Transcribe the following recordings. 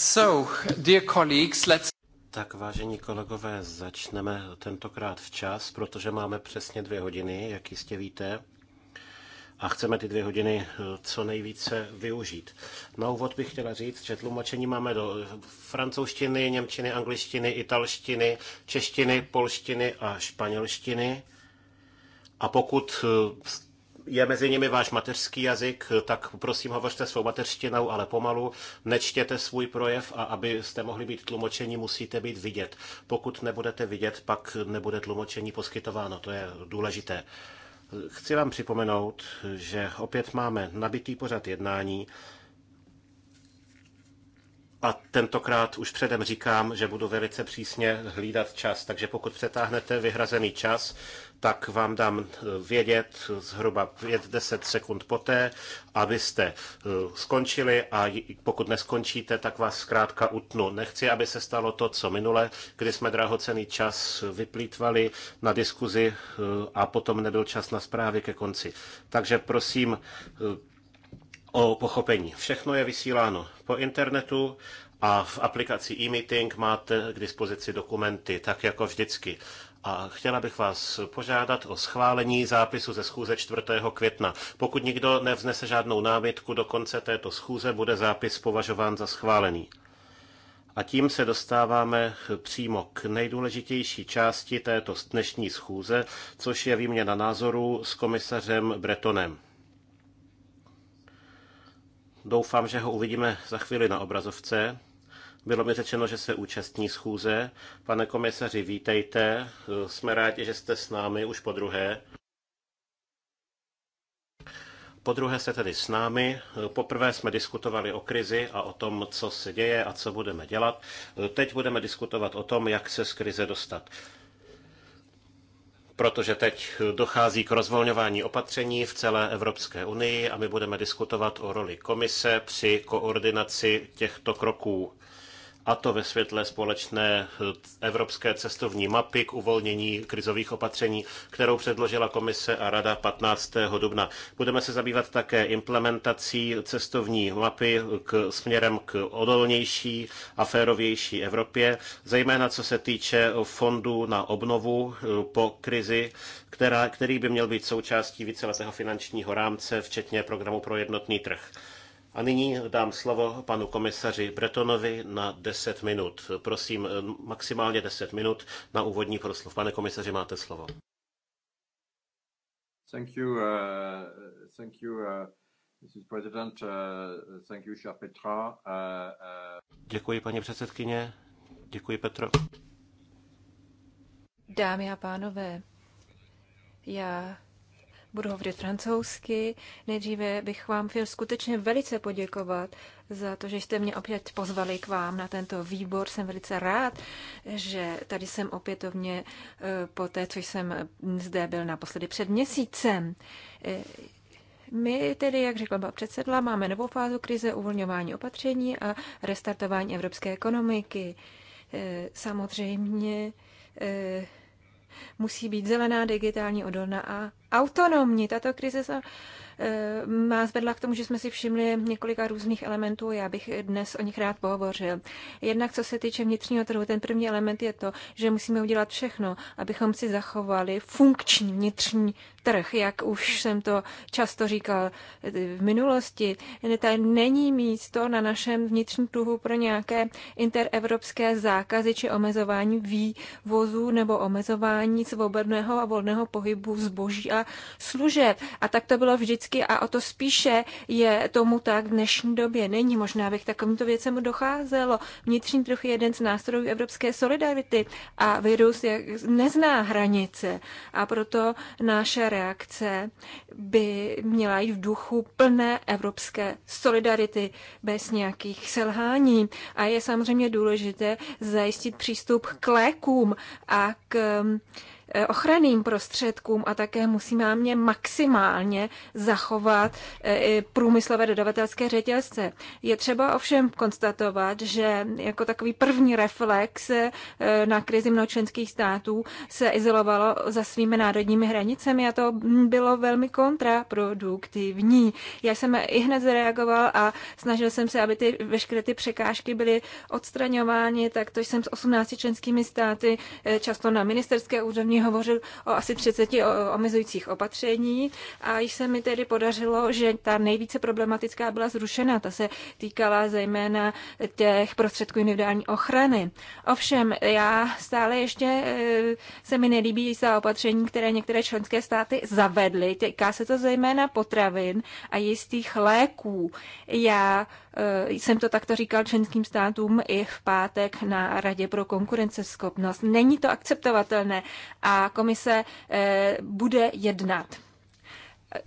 So, dear colleagues, let's... Tak vážení kolegové, začneme tentokrát včas, protože máme přesně dvě hodiny, jak jistě víte. A chceme ty dvě hodiny eh, co nejvíce využít. Na úvod bych chtěla říct, že tlumočení máme do francouzštiny, němčiny, angličtiny, italštiny, češtiny, polštiny a španělštiny. A pokud eh, je mezi nimi váš mateřský jazyk, tak prosím hovořte svou mateřštinou, ale pomalu, nečtěte svůj projev a abyste mohli být tlumočení, musíte být vidět. Pokud nebudete vidět, pak nebude tlumočení poskytováno, to je důležité. Chci vám připomenout, že opět máme nabitý pořad jednání a tentokrát už předem říkám, že budu velice přísně hlídat čas, takže pokud přetáhnete vyhrazený čas, tak vám dám eh, vědět zhruba 5-10 sekund poté, abyste eh, skončili a pokud neskončíte, tak vás zkrátka utnu. Nechci, aby se stalo to, co minule, kdy jsme drahocený čas vyplýtvali na diskuzi eh, a potom nebyl čas na zprávy ke konci. Takže prosím o pochopení. Všechno je vysíláno po internetu a v aplikaci e-meeting máte k dispozici dokumenty, tak jako vždycky a chtěla bych vás požádat o schválení zápisu ze schůze 4. května. Pokud nikdo nevznese žádnou námitku do konce této schůze, bude zápis považován za schválený. A tím se dostáváme přímo k nejdůležitější části této dnešní schůze, což je výměna názorů s komisařem Bretonem. Doufám, že ho uvidíme za chvíli na obrazovce. Bylo mi řečeno, že se účastní schůze. Pane komisaři, vítejte. Jsme rádi, že jste s námi už po druhé. Po druhé jste tedy s námi. Poprvé jsme diskutovali o krizi a o tom, co se děje a co budeme dělat. Teď budeme diskutovat o tom, jak se z krize dostat protože teď dochází k rozvolňování opatření v celé Evropské unii a my budeme diskutovat o roli komise při koordinaci těchto kroků a to ve světle společné eh, evropské cestovní mapy k uvolnění krizových opatření, kterou předložila komise a rada 15. dubna. Budeme se zabývat také implementací cestovní mapy k směrem k odolnější a férovější Evropě, zejména co se týče fondů na obnovu eh, po krizi, která, který by měl být součástí víceletého finančního rámce, včetně programu pro jednotný trh. A nyní dám slovo panu komisaři Bretonovi na 10 minut. Prosím, eh, maximálně 10 minut na úvodní proslov. Pane komisaři, máte slovo. Thank you, uh, thank you, uh, Mrs. President, uh, thank you, Petra. Uh, uh... Děkuji, paní předsedkyně. Děkuji, Petro. Dámy a pánové, já budu hovořit francouzsky. Nejdříve bych vám chtěl skutečně velice poděkovat za to, že jste mě opět pozvali k vám na tento výbor. Jsem velice rád, že tady jsem opětovně eh, po té, co jsem zde byl naposledy před měsícem. Eh, my tedy, jak řekla byla předsedla, máme novou fázu krize, uvolňování opatření a restartování evropské ekonomiky. Eh, samozřejmě musí být zelená, digitální, odolná a autonomní. Tato krize se nás vedla k tomu, že jsme si všimli několika různých elementů. Já bych dnes o nich rád pohovořil. Jednak co se týče vnitřního trhu, ten první element je to, že musíme udělat všechno, abychom si zachovali funkční vnitřní trh, jak už jsem to často říkal v minulosti. Tady není místo na našem vnitřním trhu pro nějaké interevropské zákazy či omezování vývozů nebo omezování svobodného a volného pohybu zboží a služeb. A tak to bylo vždycky vždycky a o to spíše je tomu tak v dnešní době. Není možné, abych takovýmto věcem docházelo. Vnitřní trh je jeden z nástrojů evropské solidarity a virus je, nezná hranice a proto naše reakce by měla jít v duchu plné evropské solidarity bez nějakých selhání. A je samozřejmě důležité zajistit přístup k lékům a k Eh, ochranným prostředkům a také musíme mě maximálně zachovat eh, průmyslové dodavatelské řetězce. Je třeba ovšem konstatovat, že jako takový první reflex eh, na krizi mnoho členských států se izolovalo za svými národními hranicemi a to bylo velmi kontraproduktivní. Já jsem i hned zareagoval a snažil jsem se, aby ty veškeré ty překážky byly odstraňovány, tak to jsem s 18 členskými státy, často na ministerské úrovni konkrétně hovořil o asi 30 omezujících opatření a již se mi tedy podařilo, že ta nejvíce problematická byla zrušena. Ta se týkala zejména těch prostředků individuální ochrany. Ovšem, já stále ještě e, se mi nelíbí za opatření, které některé členské státy zavedly. Týká se to zejména potravin a jistých léků. Já Eh, jsem to takto říkal členským státům i v pátek na Radě pro konkurenceschopnost. Není to akceptovatelné a komise eh, bude jednat. Eh,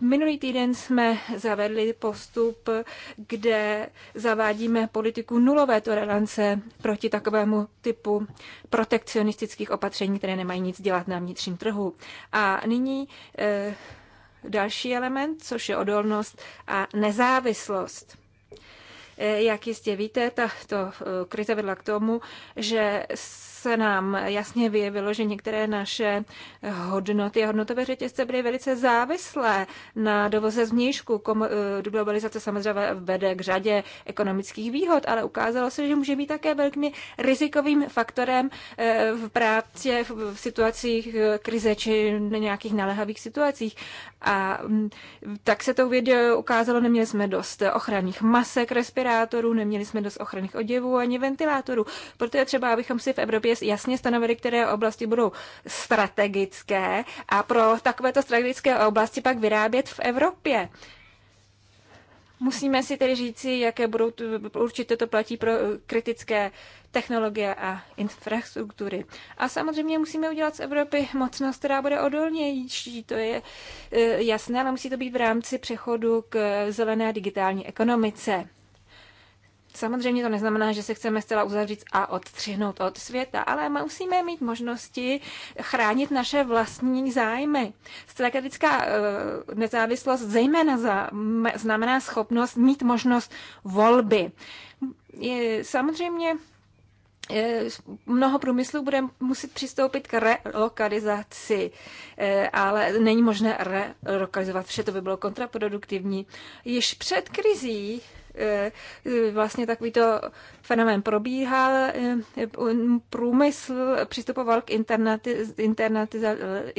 minulý týden jsme zavedli postup, kde zavádíme politiku nulové tolerance proti takovému typu protekcionistických opatření, které nemají nic dělat na vnitřním trhu. A nyní další element, což je odolnost a nezávislost. Eh, jak jistě víte, tato eh, krize vedla k tomu, že se nám jasně vyjevilo, že některé naše hodnoty a hodnotové řetězce byly velice závislé na dovoze vnějšku. Eh, globalizace samozřejmě vede k řadě ekonomických výhod, ale ukázalo se, že může být také velmi rizikovým faktorem eh, v práci, v situacích eh, krize či nějakých naléhavých situacích. A mm, tak se to video ukázalo, neměli jsme dost ochranných masek, respirátorů, neměli jsme dost ochranných oděvů ani ventilátorů. Proto je třeba, abychom si v Evropě jasně stanovili, které oblasti budou strategické a pro takovéto strategické oblasti pak vyrábět v Evropě. Musíme si tedy říci, jaké budou, určitě to platí pro eh, kritické technologie a infrastruktury. A samozřejmě musíme udělat z Evropy mocnost, která bude odolnější, to je eh, jasné, ale musí to být v rámci přechodu k eh, zelené digitální ekonomice. Samozřejmě to neznamená, že se chceme zcela uzavřít a odstřihnout od světa, ale musíme mít možnosti chránit naše vlastní zájmy. Strategická eh, nezávislost zejména znamená schopnost mít možnost volby. Samozřejmě eh, mnoho průmyslů bude muset přistoupit k relokalizaci, eh, ale není možné relokalizovat vše, to by bylo kontraproduktivní. Již před krizí Eh, vlastně takovýto fenomén probíhal. Eh, průmysl přistupoval k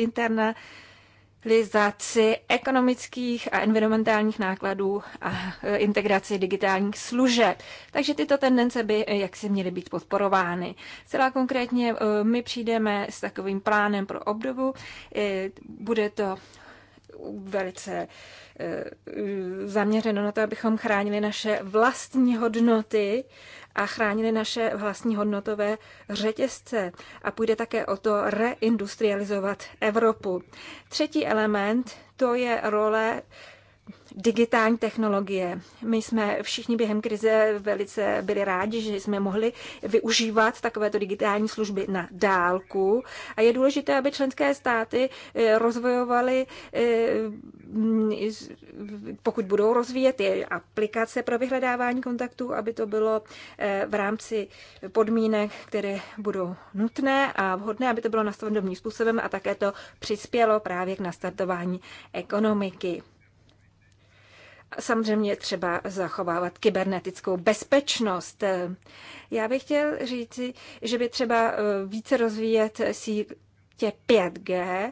internalizaci ekonomických a environmentálních nákladů a eh, integraci digitálních služeb. Takže tyto tendence by jaksi měly být podporovány. Celá konkrétně my přijdeme s takovým plánem pro obdobu. Bude to velice eh, zaměřeno na to, abychom chránili naše vlastní hodnoty a chránili naše vlastní hodnotové řetězce. A půjde také o to reindustrializovat Evropu. Třetí element to je role digitální technologie. My jsme všichni během krize velice byli rádi, že jsme mohli využívat takovéto digitální služby na dálku a je důležité, aby členské státy eh, rozvojovaly, eh, mm, pokud budou rozvíjet je aplikace pro vyhledávání kontaktů, aby to bylo eh, v rámci podmínek, které budou nutné a vhodné, aby to bylo nastaveno domním způsobem a také to přispělo právě k nastartování ekonomiky. Samozřejmě třeba zachovávat kybernetickou bezpečnost. Já bych chtěl říci, že by třeba eh, více rozvíjet síť tě 5G,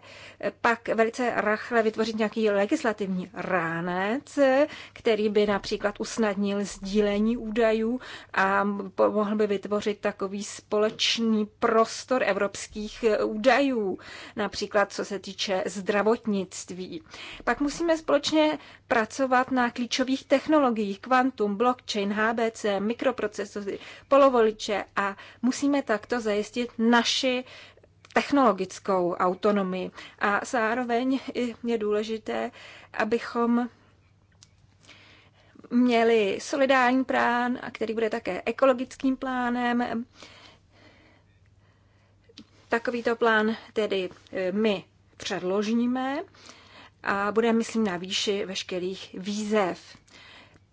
pak velice rychle vytvořit nějaký legislativní ránec, který by například usnadnil sdílení údajů a mohl by vytvořit takový společný prostor evropských údajů, například co se týče zdravotnictví. Pak musíme společně pracovat na klíčových technologiích, kvantum, blockchain, HBC, mikroprocesory, polovoliče a musíme takto zajistit naši technologickou autonomii. A zároveň je důležité, abychom měli solidární plán, který bude také ekologickým plánem. Takovýto plán tedy e, my předložíme a bude, myslím, na výši veškerých výzev.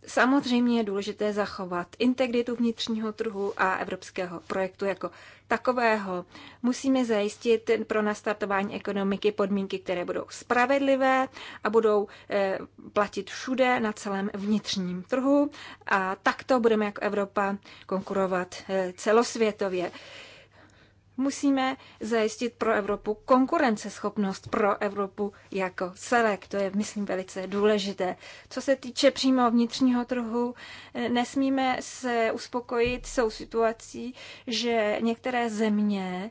Samozřejmě je důležité zachovat integritu vnitřního trhu a evropského projektu jako takového. Musíme zajistit pro nastartování ekonomiky podmínky, které budou spravedlivé a budou eh, platit všude na celém vnitřním trhu a takto budeme jako Evropa konkurovat eh, celosvětově. Musíme zajistit pro Evropu konkurenceschopnost pro Evropu jako celek. To je, myslím, velice důležité. Co se týče přímo vnitřního trhu, eh, nesmíme se uspokojit s tou situací, že některé země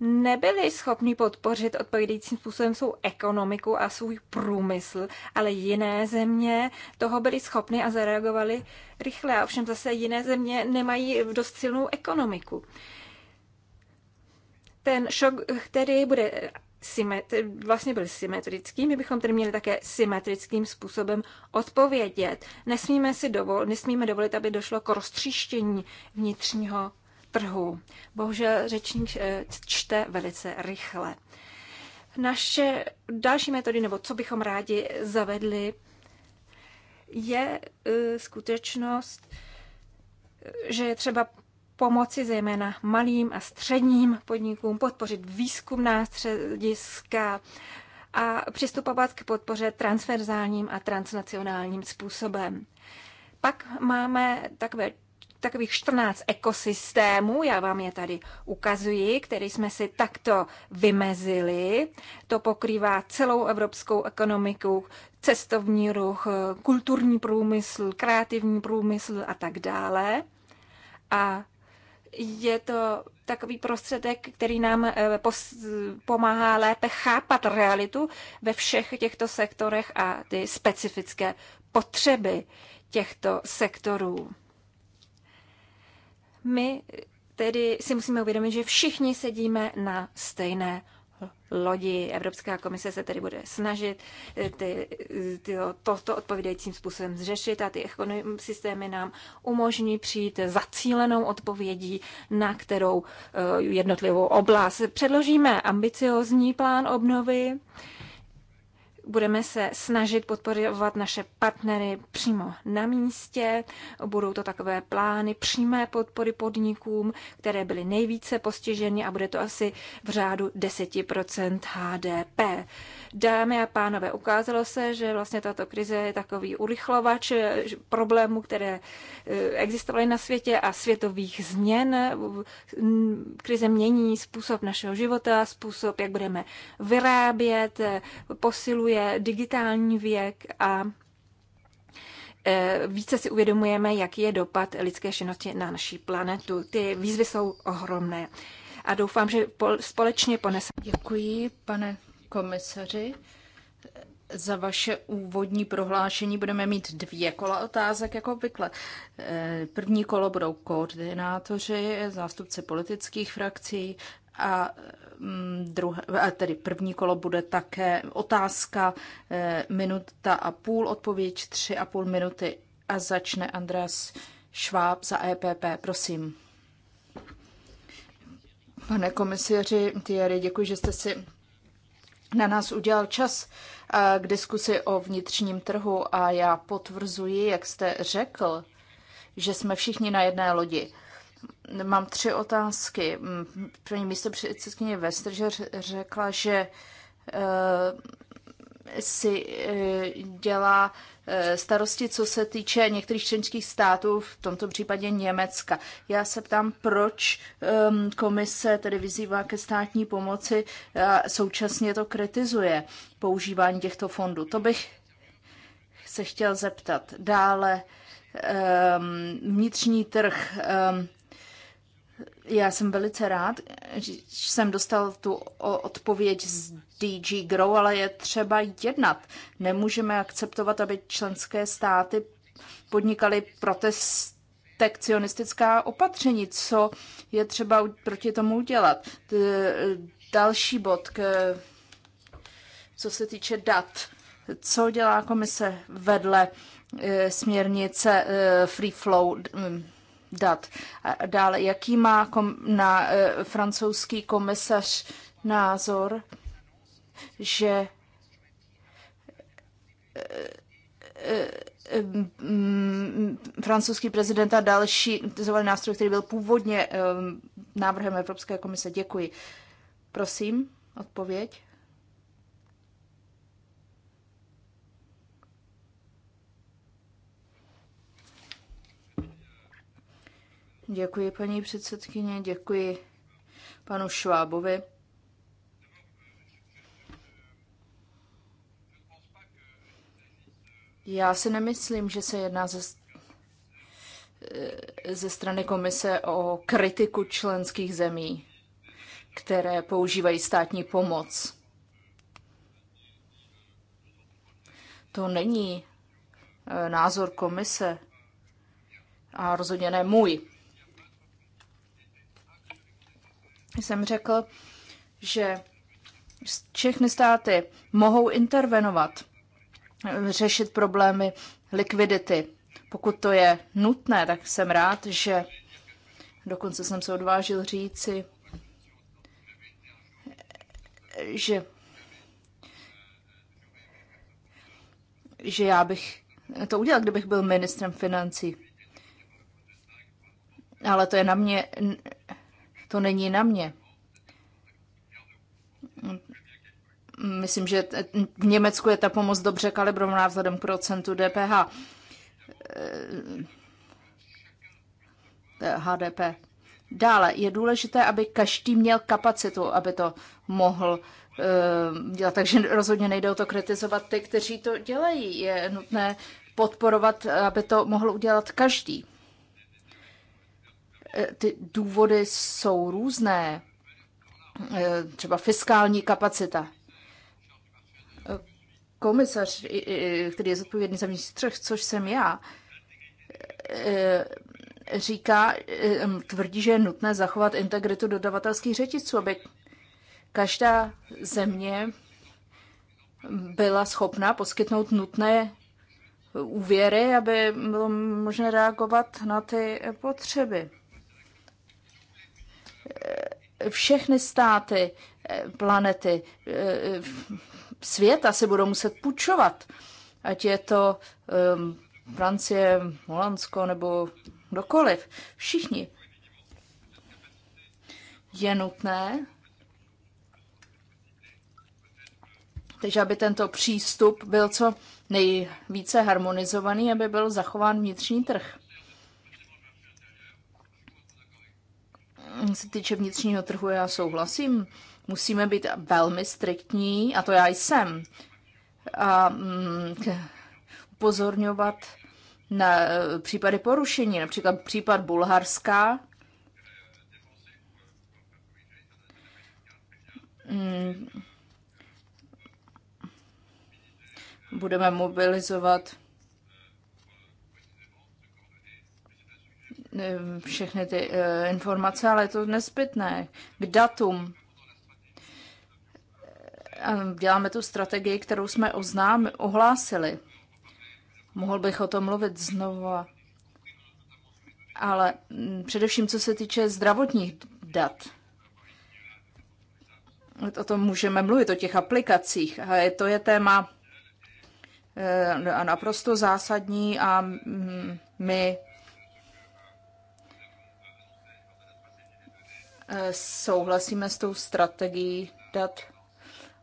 nebyli schopni podpořit odpovědějícím způsobem svou ekonomiku a svůj průmysl, ale jiné země toho byly schopny a zareagovaly rychle. A ovšem zase jiné země nemají dost silnou ekonomiku ten šok, který bude symetri- vlastně byl symetrický, my bychom tedy měli také symetrickým způsobem odpovědět. Nesmíme, si dovol- nesmíme dovolit, aby došlo k roztříštění vnitřního trhu. Bohužel řečník eh, čte velice rychle. Naše další metody, nebo co bychom rádi zavedli, je eh, skutečnost, že je třeba pomoci zejména malým a středním podnikům, podpořit výzkumná střediska a přistupovat k podpoře transverzálním a transnacionálním způsobem. Pak máme takové takových 14 ekosystémů, já vám je tady ukazuji, který jsme si takto vymezili. To pokrývá celou evropskou ekonomiku, cestovní ruch, kulturní průmysl, kreativní průmysl a tak dále. A je to takový prostředek, který nám eh, pomáhá lépe chápat realitu ve všech těchto sektorech a ty specifické potřeby těchto sektorů. My tedy si musíme uvědomit, že všichni sedíme na stejné lodi. Evropská komise se tedy bude snažit eh, ty, ty, to odpovídajícím způsobem zřešit a ty ekonomické systémy nám umožní přijít zacílenou odpovědí, na kterou eh, jednotlivou oblast. Předložíme ambiciozní plán obnovy, Budeme se snažit podporovat naše partnery přímo na místě. Budou to takové plány přímé podpory podnikům, které byly nejvíce postiženy a bude to asi v řádu 10 HDP. Dámy a pánové, ukázalo se, že vlastně tato krize je takový urychlovač problémů, které eh, existovaly na světě a světových změn. Krize mění způsob našeho života, způsob, jak budeme vyrábět, posiluje digitální věk a eh, více si uvědomujeme, jaký je dopad lidské činnosti na naší planetu. Ty výzvy jsou ohromné a doufám, že společně poneseme. Děkuji, pane komisaři, za vaše úvodní prohlášení. Budeme mít dvě kola otázek, jako obvykle. Eh, první kolo budou koordinátoři, zástupce politických frakcí a, mm, druhé, a tedy první kolo bude také otázka eh, minuta a půl, odpověď tři a půl minuty a začne Andreas Šváb za EPP. Prosím. Pane komisaři Thierry, děkuji, že jste si na nás udělal čas eh, k diskusi o vnitřním trhu a já potvrzuji, jak jste řekl, že jsme všichni na jedné lodi. Mám tři otázky. První místo předsedkyně Vestr, že řekla, že eh, si eh, dělá eh, starosti, co se týče některých členských států, v tomto případě Německa. Já se ptám, proč ehm, komise tedy vyzývá ke státní pomoci a současně to kritizuje používání těchto fondů. To bych se chtěl zeptat. Dále ehm, vnitřní trh ehm, já jsem velice rád, že jsem dostal tu odpověď z DG Grow, ale je třeba jednat. Nemůžeme akceptovat, aby členské státy podnikaly protekcionistická opatření. Co je třeba proti tomu udělat? Další bod, k, co se týče dat. Co dělá komise vedle eh, směrnice eh, Free Flow dat. A dále, jaký má kom, na e, francouzský komisař názor, že e, e, francouzský prezident a další zvolený nástroj, který byl původně e, návrhem Evropské komise. Děkuji. Prosím, odpověď. Děkuji, paní předsedkyně, děkuji panu Švábovi. Já si nemyslím, že se jedná ze, eh, ze strany komise o kritiku členských zemí, které používají státní pomoc. To není eh, názor komise a rozhodně ne můj. jsem řekl, že všechny státy mohou intervenovat, řešit problémy likvidity. Pokud to je nutné, tak jsem rád, že dokonce jsem se odvážil říci, že, že já bych to udělal, kdybych byl ministrem financí. Ale to je na mě, to není na mě. Myslím, že v Německu je ta pomoc dobře kalibrovaná vzhledem k procentu DPH. Eh, HDP. Dále je důležité, aby každý měl kapacitu, aby to mohl eh, dělat. Takže rozhodně nejde o to kritizovat ty, kteří to dělají. Je nutné podporovat, aby to mohl udělat každý. Eh, ty důvody jsou různé, eh, třeba fiskální kapacita. Eh, komisař, který je zodpovědný za vnitřní střech, což jsem já, říká, tvrdí, že je nutné zachovat integritu dodavatelských řeticů, aby každá země byla schopna poskytnout nutné úvěry, aby bylo možné reagovat na ty potřeby. Eh, všechny státy eh, planety eh, světa se budou muset půjčovat, ať je to ehm, Francie, Holandsko nebo kdokoliv. Všichni. Je nutné, takže aby tento přístup byl co nejvíce harmonizovaný, aby byl zachován vnitřní trh. Mm, se týče vnitřního trhu, já souhlasím. Musíme být velmi striktní, a to já jsem, a mm, upozorňovat na eh, případy porušení, například případ Bulharska. Mm. Budeme mobilizovat všechny ty eh, informace, ale je to nezbytné k datum. Děláme tu strategii, kterou jsme oznámi, ohlásili. Mohl bych o tom mluvit znovu, Ale mm, především, co se týče zdravotních dat. O tom můžeme mluvit, o těch aplikacích. A to je téma eh, naprosto zásadní a mm, my souhlasíme s tou strategií dat.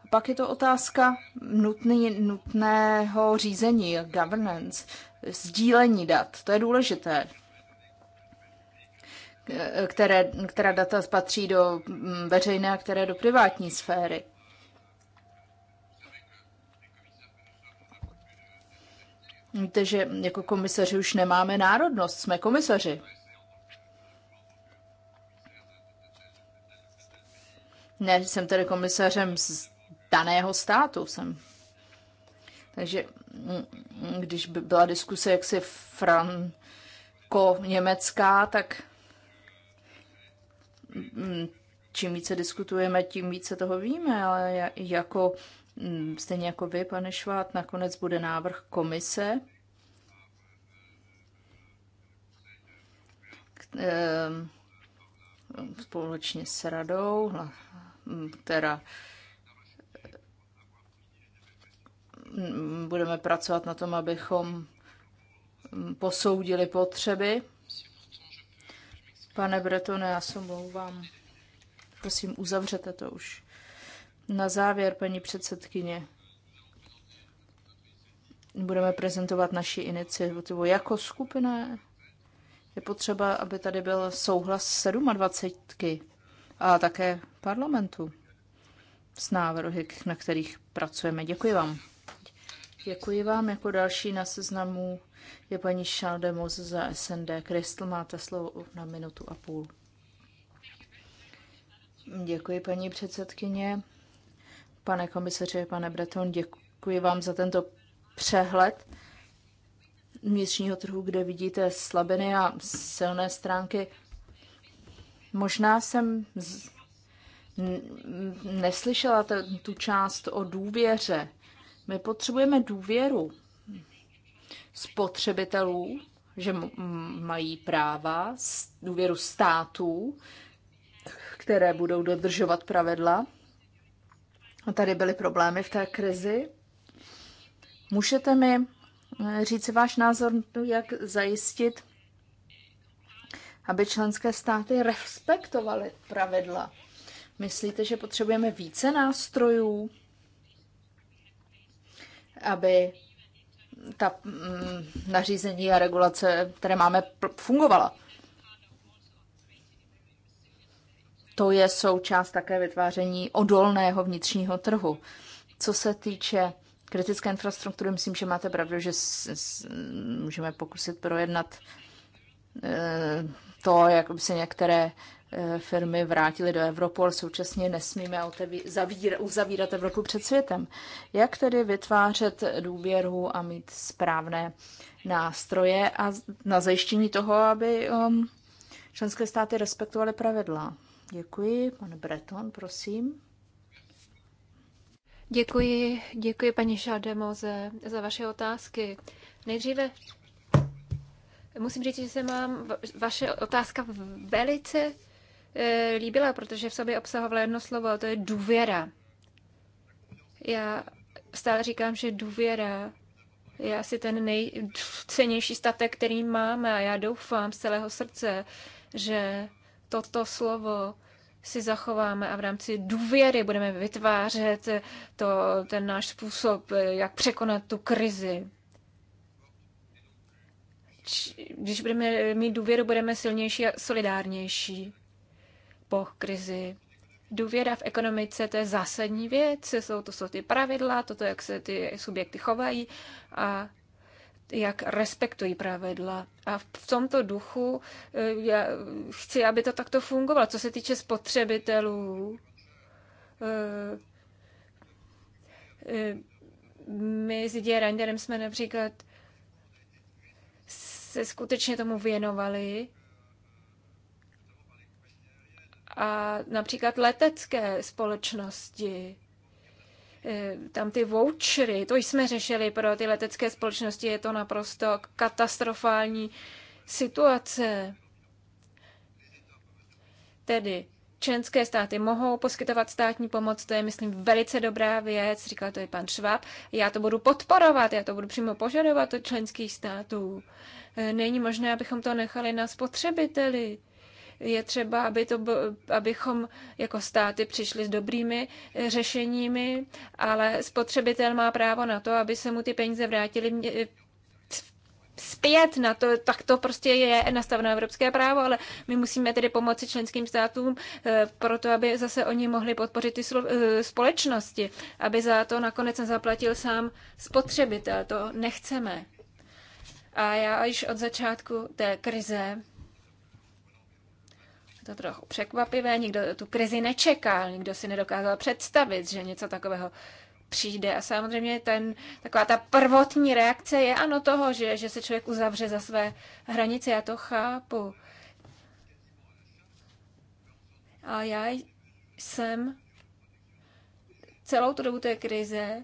pak je to otázka nutný, nutného řízení, governance, sdílení dat. To je důležité. Které, která data patří do mm, veřejné a které do privátní sféry. Víte, že jako komisaři už nemáme národnost, jsme komisaři. Ne, jsem tedy komisařem z daného státu. Jsem. Takže mm, když by byla diskuse jaksi franko-německá, tak mm, čím více diskutujeme, tím více toho víme, ale jako, mm, stejně jako vy, pane Švát, nakonec bude návrh komise, ehm, společně s radou Mm, teda mm, budeme pracovat na tom, abychom mm, posoudili potřeby. Pane Bretone, já se omlouvám. Prosím, uzavřete to už. Na závěr, paní předsedkyně, budeme prezentovat naši iniciativu jako skupina. Je potřeba, aby tady byl souhlas 27 a také parlamentu s návrhy, na kterých pracujeme. Děkuji vám. Děkuji vám. Jako další na seznamu je paní Šaldemos za SND. Kristl, máte slovo na minutu a půl. Děkuji, paní předsedkyně. Pane komisaře, pane Breton, děkuji vám za tento přehled vnitřního trhu, kde vidíte slabiny a silné stránky. Možná jsem neslyšela t- tu část o důvěře. My potřebujeme důvěru spotřebitelů, že mají práva, důvěru států, které budou dodržovat pravidla. A tady byly problémy v té krizi. Můžete mi eh, říct váš názor, jak zajistit, aby členské státy respektovaly pravidla? Myslíte, že potřebujeme více nástrojů, aby ta mm, nařízení a regulace, které máme, fungovala? To je součást také vytváření odolného vnitřního trhu. Co se týče kritické infrastruktury, myslím, že máte pravdu, že můžeme pokusit projednat eh, to, jak by se některé Eh, firmy vrátily do ale současně nesmíme zavírat, uzavírat Evropu před světem. Jak tedy vytvářet důvěru a mít správné nástroje a na zajištění toho, aby um, členské státy respektovaly pravidla? Děkuji. Pan Breton, prosím. Děkuji, děkuji paní Šaldemoze za vaše otázky. Nejdříve musím říct, že se mám, vaše otázka velice Eh, líbila, protože v sobě obsahovala jedno slovo, a to je důvěra. Já stále říkám, že důvěra je asi ten nejcennější statek, který máme a já doufám z celého srdce, že toto slovo si zachováme a v rámci důvěry budeme vytvářet to, ten náš způsob, jak překonat tu krizi. Když budeme mít důvěru, budeme silnější a solidárnější po krizi. Důvěra v ekonomice, to je zásadní věc, jsou to jsou ty pravidla, toto, jak se ty subjekty chovají a jak respektují pravidla. A v tomto duchu eh, já chci, aby to takto fungovalo. Co se týče spotřebitelů, eh, eh, my s Didier Randerem jsme například se skutečně tomu věnovali a například letecké společnosti, eh, tam ty vouchery, to jsme řešili pro ty letecké společnosti, je to naprosto katastrofální situace. Tedy členské státy mohou poskytovat státní pomoc, to je, myslím, velice dobrá věc, říkal to i pan Švab. Já to budu podporovat, já to budu přímo požadovat od členských států. Eh, není možné, abychom to nechali na spotřebiteli je třeba, aby to, abychom jako státy přišli s dobrými eh, řešeními, ale spotřebitel má právo na to, aby se mu ty peníze vrátily eh, zpět na to, tak to prostě je nastaveno evropské právo, ale my musíme tedy pomoci členským státům eh, proto, aby zase oni mohli podpořit ty společnosti, aby za to nakonec nezaplatil sám spotřebitel. To nechceme. A já již od začátku té krize to trochu překvapivé, nikdo tu krizi nečekal, nikdo si nedokázal představit, že něco takového přijde. A samozřejmě ten, taková ta prvotní reakce je ano toho, že, že se člověk uzavře za své hranice, já to chápu. A já jsem celou tu dobu té krize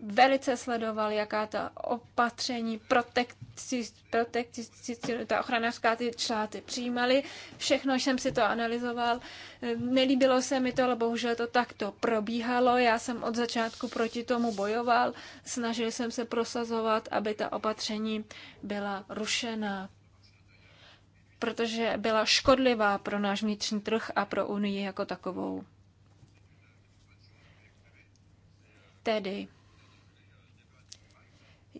velice sledoval, jaká ta opatření, protekci, protekci, ta ochranářská ty čláty přijímaly. Všechno jsem si to analyzoval. Nelíbilo se mi to, ale bohužel to takto probíhalo. Já jsem od začátku proti tomu bojoval. Snažil jsem se prosazovat, aby ta opatření byla rušena protože byla škodlivá pro náš vnitřní trh a pro Unii jako takovou. Tedy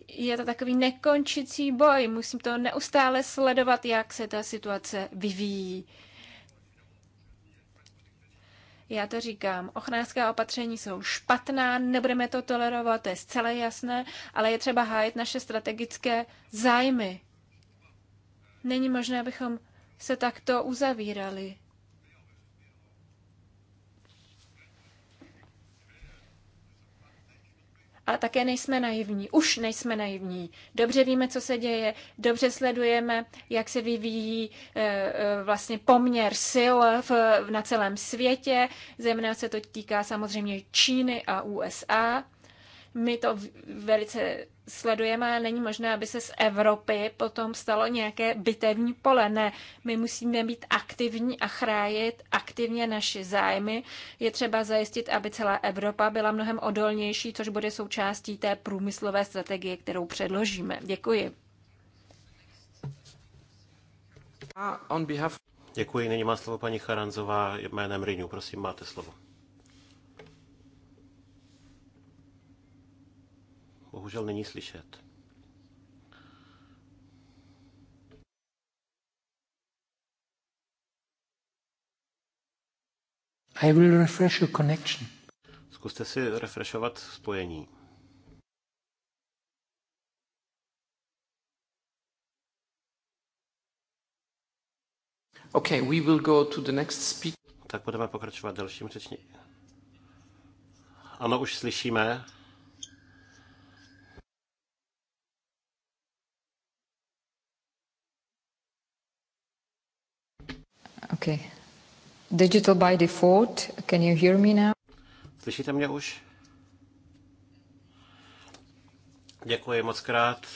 je to takový nekončící boj. Musím to neustále sledovat, jak se ta situace vyvíjí. Já to říkám, ochranářská opatření jsou špatná, nebudeme to tolerovat, to je zcela jasné, ale je třeba hájit naše strategické zájmy. Není možné, abychom se takto uzavírali. Ale také nejsme naivní. Už nejsme naivní. Dobře víme, co se děje, dobře sledujeme, jak se vyvíjí eh, eh, vlastně poměr sil v, na celém světě. Zejména se to týká samozřejmě Číny a USA. My to velice sledujeme ale není možné, aby se z Evropy potom stalo nějaké bitevní pole. Ne, my musíme být aktivní a chránit aktivně naši zájmy. Je třeba zajistit, aby celá Evropa byla mnohem odolnější, což bude součástí té průmyslové strategie, kterou předložíme. Děkuji. Děkuji, nyní má slovo paní Charanzová jménem Rinu. Prosím, máte slovo. bohužel není slyšet. I will refresh your connection. Zkuste si refreshovat spojení. Okay, we will go to the next speaker. Tak budeme pokračovat dalším řečníkem. Ano, už slyšíme. Okay. Digital by default. Can you hear me now? Slyšíte mě už? Děkuji moc krát,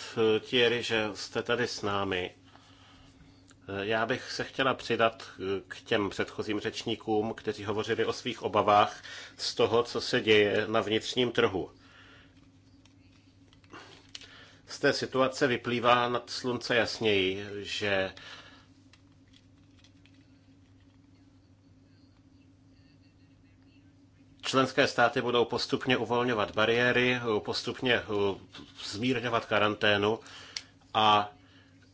Thierry, že jste tady s námi. Já bych se chtěla přidat k těm předchozím řečníkům, kteří hovořili o svých obavách z toho, co se děje na vnitřním trhu. Z té situace vyplývá nad slunce jasněji, že Členské státy budou postupně uvolňovat bariéry, postupně eh, zmírňovat karanténu a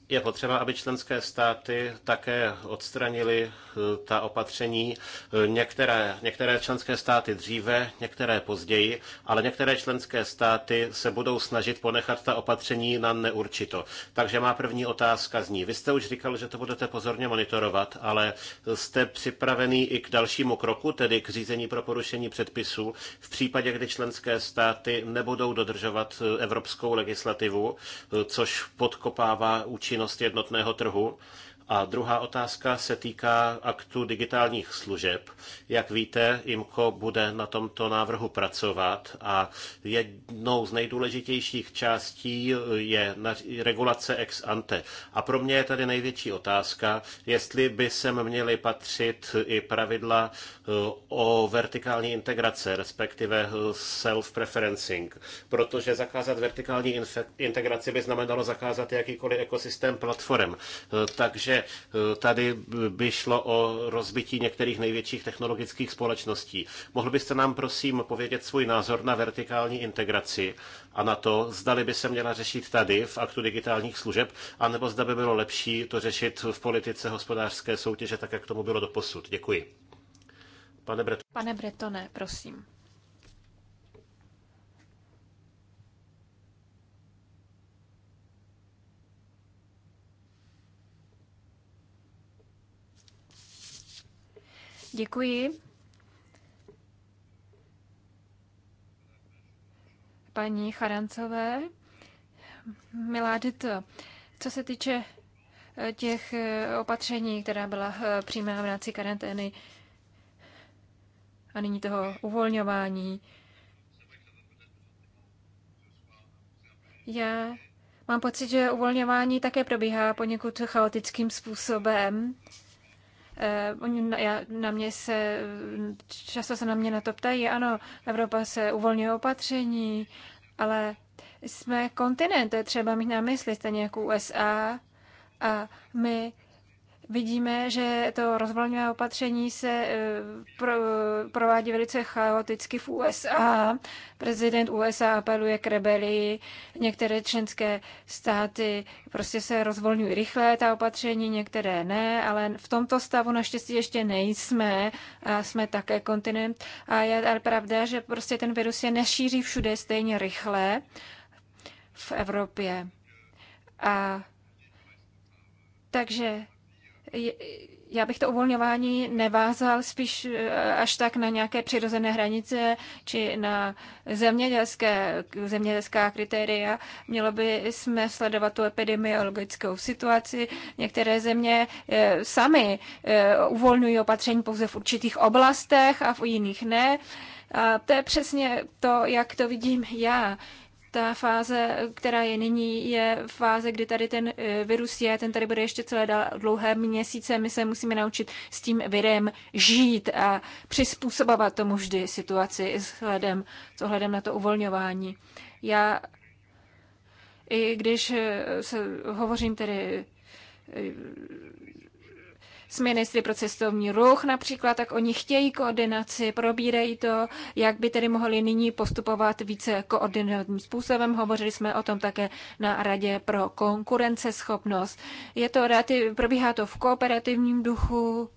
je potřeba, aby členské státy také odstranili eh, ta opatření. Eh, některé, některé členské státy dříve, některé později, ale některé členské státy se budou snažit ponechat ta opatření na neurčito. Takže má první otázka zní. Vy jste už říkal, že to budete pozorně monitorovat, ale jste připravený i k dalšímu kroku, tedy k řízení pro porušení předpisů, v případě, kdy členské státy nebudou dodržovat eh, evropskou legislativu, což podkopává účinnost účinnost jednotného trhu a druhá otázka se týká aktu digitálních služeb. Jak víte, IMCO bude na tomto návrhu pracovat a jednou z nejdůležitějších částí je regulace ex ante. A pro mě je tady největší otázka, jestli by sem měly patřit i pravidla eh, o vertikální integrace, respektive eh, self-preferencing, protože zakázat vertikální integraci by znamenalo zakázat jakýkoliv ekosystém platform. Eh, takže Eh, tady by šlo o rozbití některých největších technologických společností. Mohl byste nám prosím povědět svůj názor na vertikální integraci a na to, zdali by se měla řešit tady v aktu digitálních služeb, anebo zda by bylo lepší to řešit v politice hospodářské soutěže, tak jak tomu bylo doposud. Děkuji. Pane Bretone. Pane Bretone, prosím. Děkuji. Paní Charancové, milá Dito, co se týče eh, těch eh, opatření, která byla eh, přímá v rámci karantény a nyní toho uvolňování, já mám pocit, že uvolňování také probíhá poněkud chaotickým způsobem. Eh, oni na, já, na mě se, často se na mě na to ptají, ano, Evropa se uvolňuje opatření, ale jsme kontinent, to je třeba mít na mysli, stejně jako USA, a my Vidíme, že to rozvolňové opatření se eh, pro, provádí velice chaoticky v USA. Prezident USA apeluje k rebelii. Některé členské státy prostě se rozvolňují rychle ta opatření, některé ne, ale v tomto stavu naštěstí ještě nejsme. A jsme také kontinent. A je ale pravda, že prostě ten virus je nešíří všude stejně rychle v Evropě. A takže já bych to uvolňování nevázal spíš eh, až tak na nějaké přirozené hranice či na zemědělské, zemědělská kritéria. Mělo by jsme sledovat tu epidemiologickou situaci. Některé země eh, sami eh, uvolňují opatření pouze v určitých oblastech a v jiných ne. A to je přesně to, jak to vidím já ta fáze, která je nyní, je fáze, kdy tady ten eh, virus je, ten tady bude ještě celé dlouhé měsíce. My se musíme naučit s tím virem žít a přizpůsobovat tomu vždy situaci s hledem, s ohledem na to uvolňování. Já, i když eh, se hovořím tedy eh, s ministry pro cestovní ruch například, tak oni chtějí koordinaci, probírají to, jak by tedy mohli nyní postupovat více koordinovaným způsobem. Hovořili jsme o tom také na Radě pro konkurenceschopnost. Je to, probíhá to v kooperativním duchu,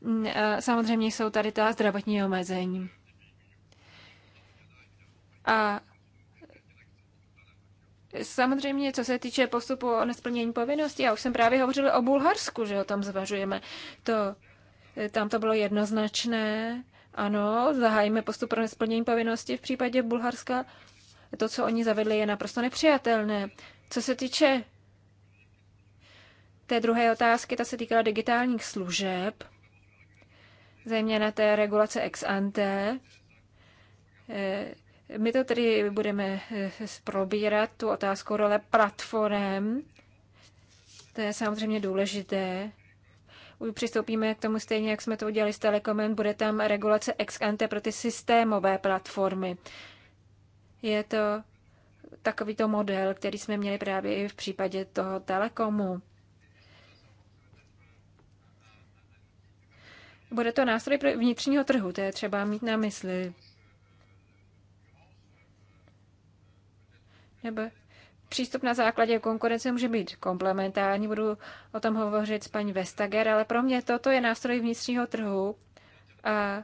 mm, samozřejmě jsou tady ta zdravotní omezení. A Samozřejmě, co se týče postupu o nesplnění povinnosti, já už jsem právě hovořila o Bulharsku, že ho tam zvažujeme. To, tam to bylo jednoznačné. Ano, zahájíme postup pro nesplnění povinnosti v případě Bulharska. To, co oni zavedli, je naprosto nepřijatelné. Co se týče té druhé otázky, ta se týkala digitálních služeb, zejména té regulace ex ante. Eh, my to tedy budeme eh, probírat, tu otázku role platform. To je samozřejmě důležité. Už přistoupíme k tomu stejně, jak jsme to udělali s Telekomem. Bude tam regulace ex ante pro ty systémové platformy. Je to takovýto model, který jsme měli právě i v případě toho Telekomu. Bude to nástroj pro vnitřního trhu, to je třeba mít na mysli. nebo přístup na základě konkurence může být komplementární. Budu o tom hovořit s paní Vestager, ale pro mě toto je nástroj vnitřního trhu a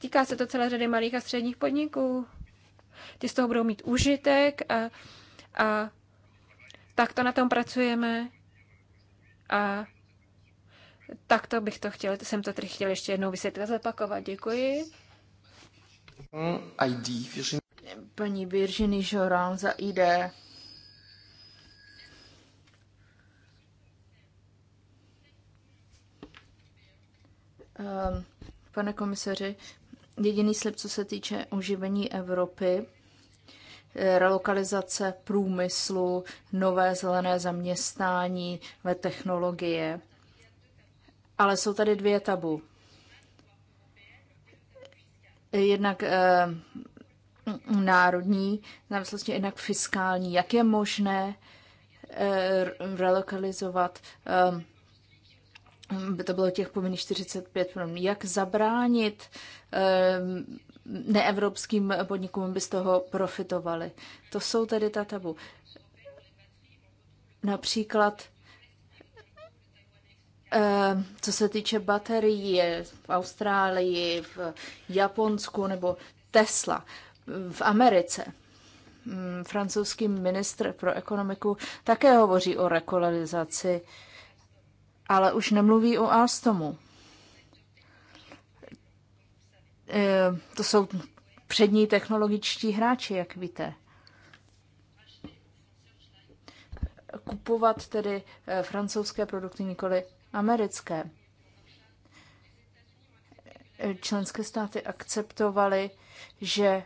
týká se to celé řady malých a středních podniků. Ty z toho budou mít užitek a, a tak to na tom pracujeme a tak to bych to chtěl, jsem to tedy chtěl ještě jednou vysvětlit a zopakovat. Děkuji. ID, Virginie. Paní Virginie Joran za ID. Um, ehm, pane komisaři, jediný slib, co se týče oživení Evropy, relokalizace průmyslu, nové zelené zaměstnání ve technologie. Ale jsou tady dvě tabu jednak eh, národní závislosti, jednak fiskální. Jak je možné eh, relokalizovat, eh, by to bylo těch povinných 45 jak zabránit neevropským podnikům, aby z toho profitovali. To jsou tedy ta tabu. Například Eh, co se týče baterií v Austrálii, v Japonsku nebo Tesla v Americe. Mm, francouzský ministr pro ekonomiku také hovoří o rekolonizaci, ale už nemluví o Alstomu. Eh, to jsou přední technologičtí hráči, jak víte. Kupovat tedy eh, francouzské produkty nikoli americké. Členské státy akceptovaly, že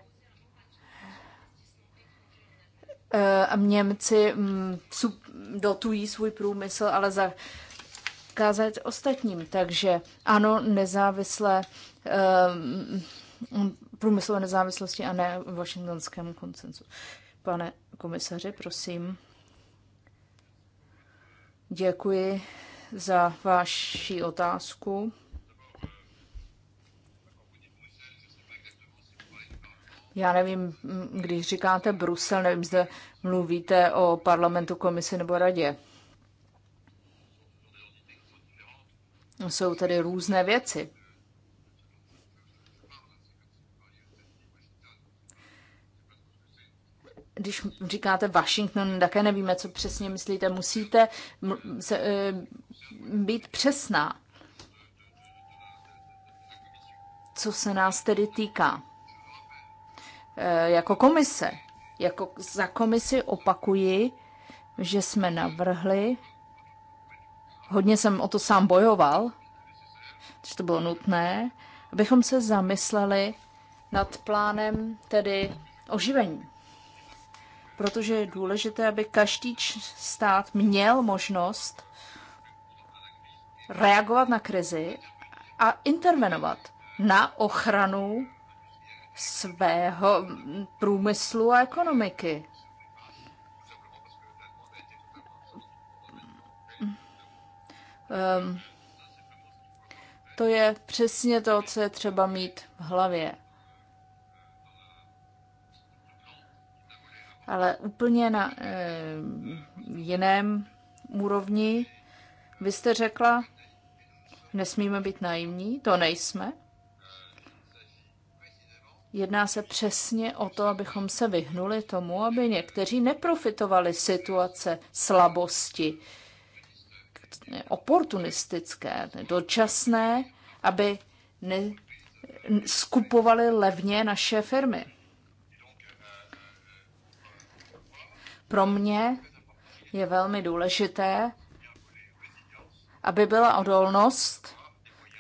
eh, Němci mm, dotují svůj průmysl, ale za kázat ostatním. Takže ano, nezávislé eh, mm, průmyslové nezávislosti a ne washingtonskému koncensu. Pane komisaři, prosím. Děkuji za vaši otázku. Já nevím, když říkáte Brusel, nevím, zde mluvíte o parlamentu, komisi nebo radě. Jsou tady různé věci. když říkáte Washington, také nevíme, co přesně myslíte. Musíte se, e, být přesná, co se nás tedy týká. E, jako komise, jako za komisi opakuji, že jsme navrhli, hodně jsem o to sám bojoval, že to bylo nutné, abychom se zamysleli nad plánem tedy oživení protože je důležité, aby každý stát měl možnost reagovat na krizi a intervenovat na ochranu svého průmyslu a ekonomiky. Um, to je přesně to, co je třeba mít v hlavě. ale úplně na e, jiném úrovni. Vy jste řekla, nesmíme být naivní, to nejsme. Jedná se přesně o to, abychom se vyhnuli tomu, aby někteří neprofitovali situace slabosti, oportunistické, dočasné, aby ne, skupovali levně naše firmy. Pro mě je velmi důležité, aby byla odolnost,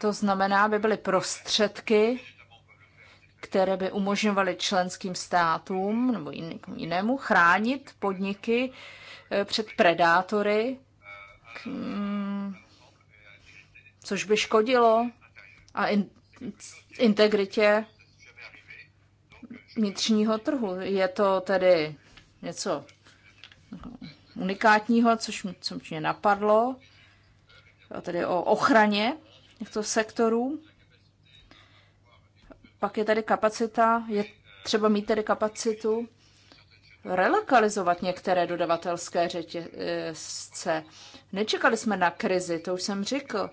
to znamená, aby byly prostředky, které by umožňovaly členským státům nebo jinému chránit podniky eh, před predátory, mm, což by škodilo a in, integritě vnitřního trhu. Je to tedy něco unikátního, což, co mě napadlo, tedy o ochraně těchto sektorů. Pak je tady kapacita, je třeba mít tedy kapacitu relokalizovat některé dodavatelské řetězce. Nečekali jsme na krizi, to už jsem řekl.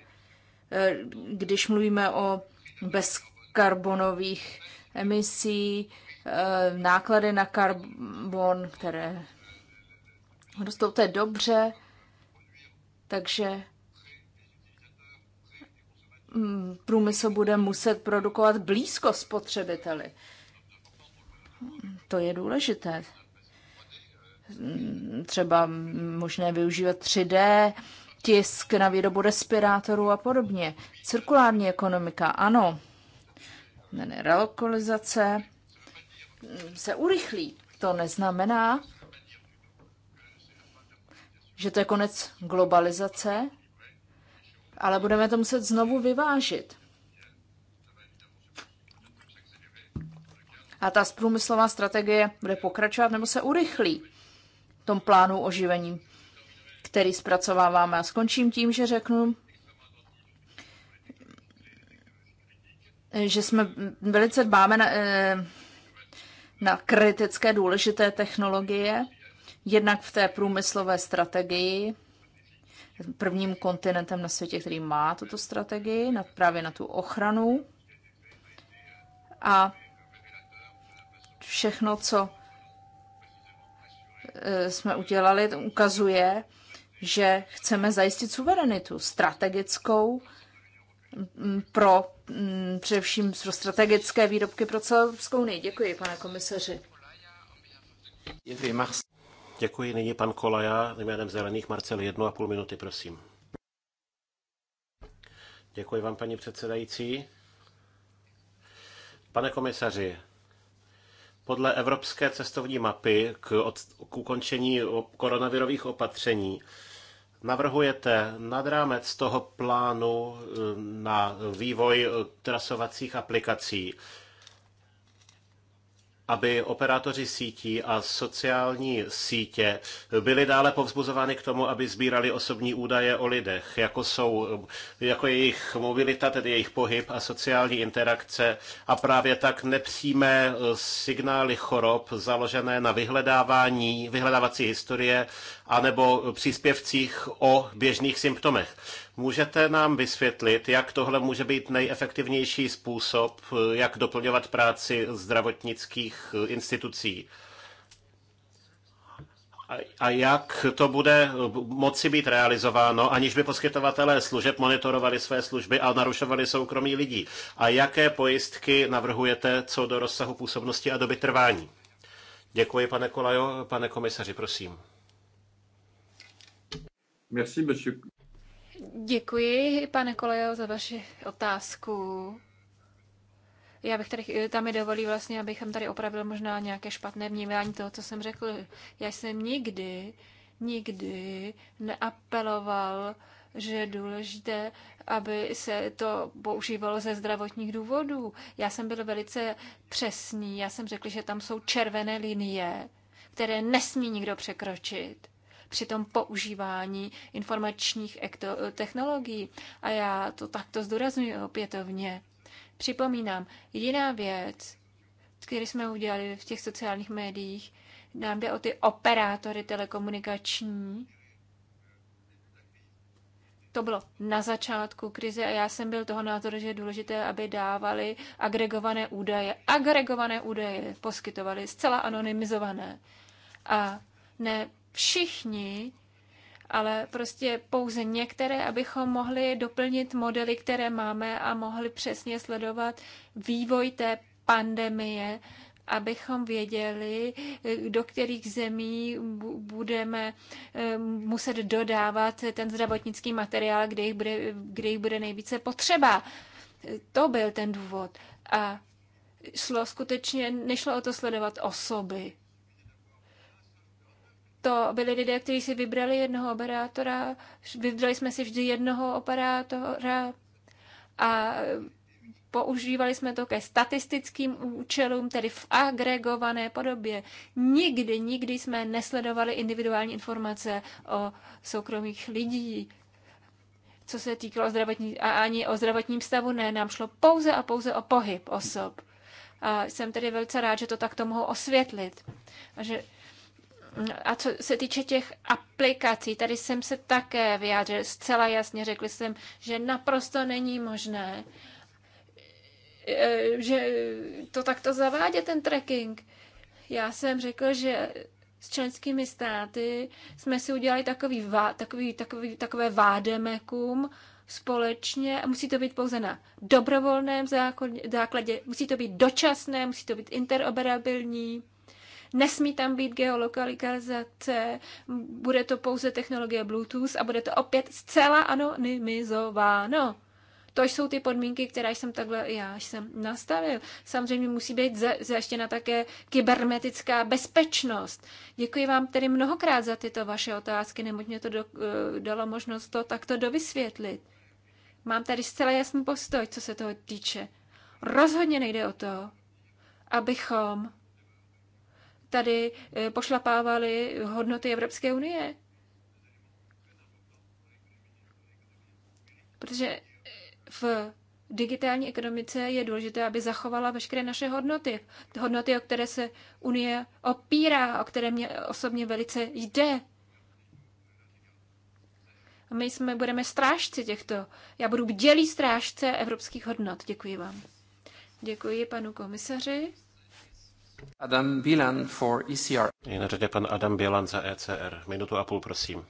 Eh, když mluvíme o bezkarbonových emisí, eh, náklady na karbon, které Rostou to je dobře, takže mm, průmysl bude muset produkovat blízko spotřebiteli. To je důležité. Mm, třeba možné využívat 3D, tisk na výrobu respirátorů a podobně. Cirkulární ekonomika, ano. Relokalizace mm, se urychlí. To neznamená, že to je konec globalizace, ale budeme to muset znovu vyvážit. A ta průmyslová strategie bude pokračovat nebo se urychlí v tom plánu oživení, který zpracováváme. A skončím tím, že řeknu, že jsme velice dbáme na, eh, na kritické důležité technologie, jednak v té průmyslové strategii, prvním kontinentem na světě, který má tuto strategii, na, právě na tu ochranu. A všechno, co e, jsme udělali, to ukazuje, že chceme zajistit suverenitu strategickou pro především pro strategické výrobky pro celou Evropskou unii. Děkuji, pane komisaři. Děkuji. Nyní pan Kolaja jménem Zelených. Marcel, jednu a půl minuty, prosím. Děkuji vám, paní předsedající. Pane komisaři, podle evropské cestovní mapy k, od, k ukončení koronavirových opatření navrhujete nad rámec toho plánu eh, na vývoj eh, trasovacích aplikací aby operátoři sítí a sociální sítě byli dále povzbuzováni k tomu, aby sbírali osobní údaje o lidech, jako, jsou, jako jejich mobilita, tedy jejich pohyb a sociální interakce a právě tak nepřímé signály chorob založené na vyhledávání, vyhledávací historie anebo příspěvcích o běžných symptomech. Můžete nám vysvětlit, jak tohle může být nejefektivnější způsob, jak doplňovat práci zdravotnických eh, institucí? A jak to bude eh, moci být realizováno, aniž by poskytovatelé služeb monitorovali své služby a narušovali soukromí lidí? A jaké pojistky navrhujete co do rozsahu působnosti a doby trvání? Děkuji, pane Kolajo. Pane komisaři, prosím. Merci, monsieur. Děkuji, pane Kolejo, za vaši otázku. Já bych tady, tam mi dovolí vlastně, abychom tady opravil možná nějaké špatné vnímání toho, co jsem řekl. Já jsem nikdy, nikdy neapeloval, že je důležité, aby se to používalo ze zdravotních důvodů. Já jsem byl velice přesný. Já jsem řekl, že tam jsou červené linie, které nesmí nikdo překročit při tom používání informačních technologií. A já to takto zdůraznuju opětovně. Připomínám, jiná věc, který jsme udělali v těch sociálních médiích, nám jde o ty operátory telekomunikační. To bylo na začátku krize a já jsem byl toho názoru, že je důležité, aby dávali agregované údaje. Agregované údaje poskytovali zcela anonymizované a ne všichni, ale prostě pouze některé, abychom mohli doplnit modely, které máme a mohli přesně sledovat vývoj té pandemie, abychom věděli, do kterých zemí budeme eh, muset dodávat ten zdravotnický materiál, kde jich bude, kde jich bude nejvíce potřeba. To byl ten důvod. A šlo skutečně, nešlo o to sledovat osoby, to byli lidé, kteří si vybrali jednoho operátora, vybrali jsme si vždy jednoho operátora a používali jsme to ke statistickým účelům, tedy v agregované podobě. Nikdy, nikdy jsme nesledovali individuální informace o soukromých lidí, co se týkalo zdravotní, a ani o zdravotním stavu, ne, nám šlo pouze a pouze o pohyb osob. A jsem tedy velice rád, že to takto mohu osvětlit. A že a co se týče těch aplikací, tady jsem se také vyjádřil zcela jasně. Řekl jsem, že naprosto není možné, eh, že to takto zavádě ten tracking. Já jsem řekl, že s členskými státy jsme si udělali takový, takový, takový, takové vádemekum společně a musí to být pouze na dobrovolném základě, musí to být dočasné, musí to být interoperabilní nesmí tam být geolokalizace, bude to pouze technologie Bluetooth a bude to opět zcela anonymizováno. To jsou ty podmínky, které jsem takhle já jsem nastavil. Samozřejmě musí být zajištěna také kybernetická bezpečnost. Děkuji vám tedy mnohokrát za tyto vaše otázky, neboť mě to do, eh, dalo možnost to takto dovysvětlit. Mám tady zcela jasný postoj, co se toho týče. Rozhodně nejde o to, abychom tady eh, pošlapávali hodnoty Evropské unie. Protože eh, v digitální ekonomice je důležité, aby zachovala veškeré naše hodnoty. Hodnoty, o které se Unie opírá, o které mě osobně velice jde. A my jsme, budeme strážci těchto. Já budu bdělý strážce evropských hodnot. Děkuji vám. Děkuji panu komisaři. Adam Bilan for ECR. Je na řadě pan Adam Bilan za ECR. Minutu a půl, prosím.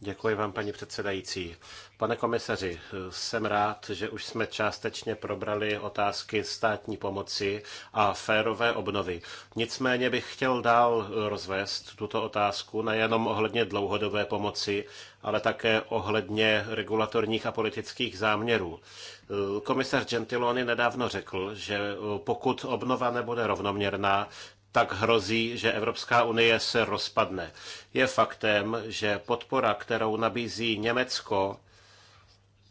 Děkuji vám, paní předsedající. Pane komisaři, jsem rád, že už jsme částečně probrali otázky státní pomoci a férové obnovy. Nicméně bych chtěl dál rozvést tuto otázku nejenom ohledně dlouhodobé pomoci, ale také ohledně regulatorních a politických záměrů. Komisař Gentiloni nedávno řekl, že pokud obnova nebude rovnoměrná, tak hrozí, že Evropská unie se rozpadne. Je faktem, že podpora, kterou nabízí Německo,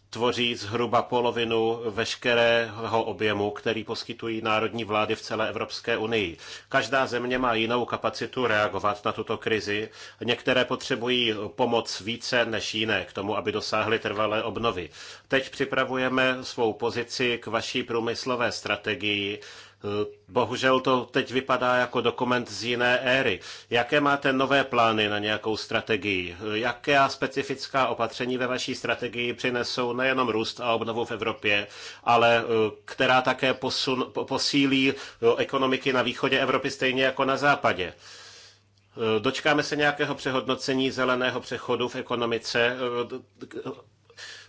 tvoří zhruba polovinu veškerého objemu, který poskytují národní vlády v celé Evropské unii. Každá země má jinou kapacitu reagovat na tuto krizi. Některé potřebují pomoc více než jiné k tomu, aby dosáhly trvalé obnovy. Teď připravujeme svou pozici k vaší průmyslové strategii, Bohužel to teď vypadá jako dokument z jiné éry. Jaké máte nové plány na nějakou strategii? Jaké specifická opatření ve vaší strategii přinesou nejenom růst a obnovu v Evropě, ale eh, která také posun, posílí eh, ekonomiky na východě Evropy stejně jako na západě? Eh, dočkáme se nějakého přehodnocení zeleného přechodu v ekonomice,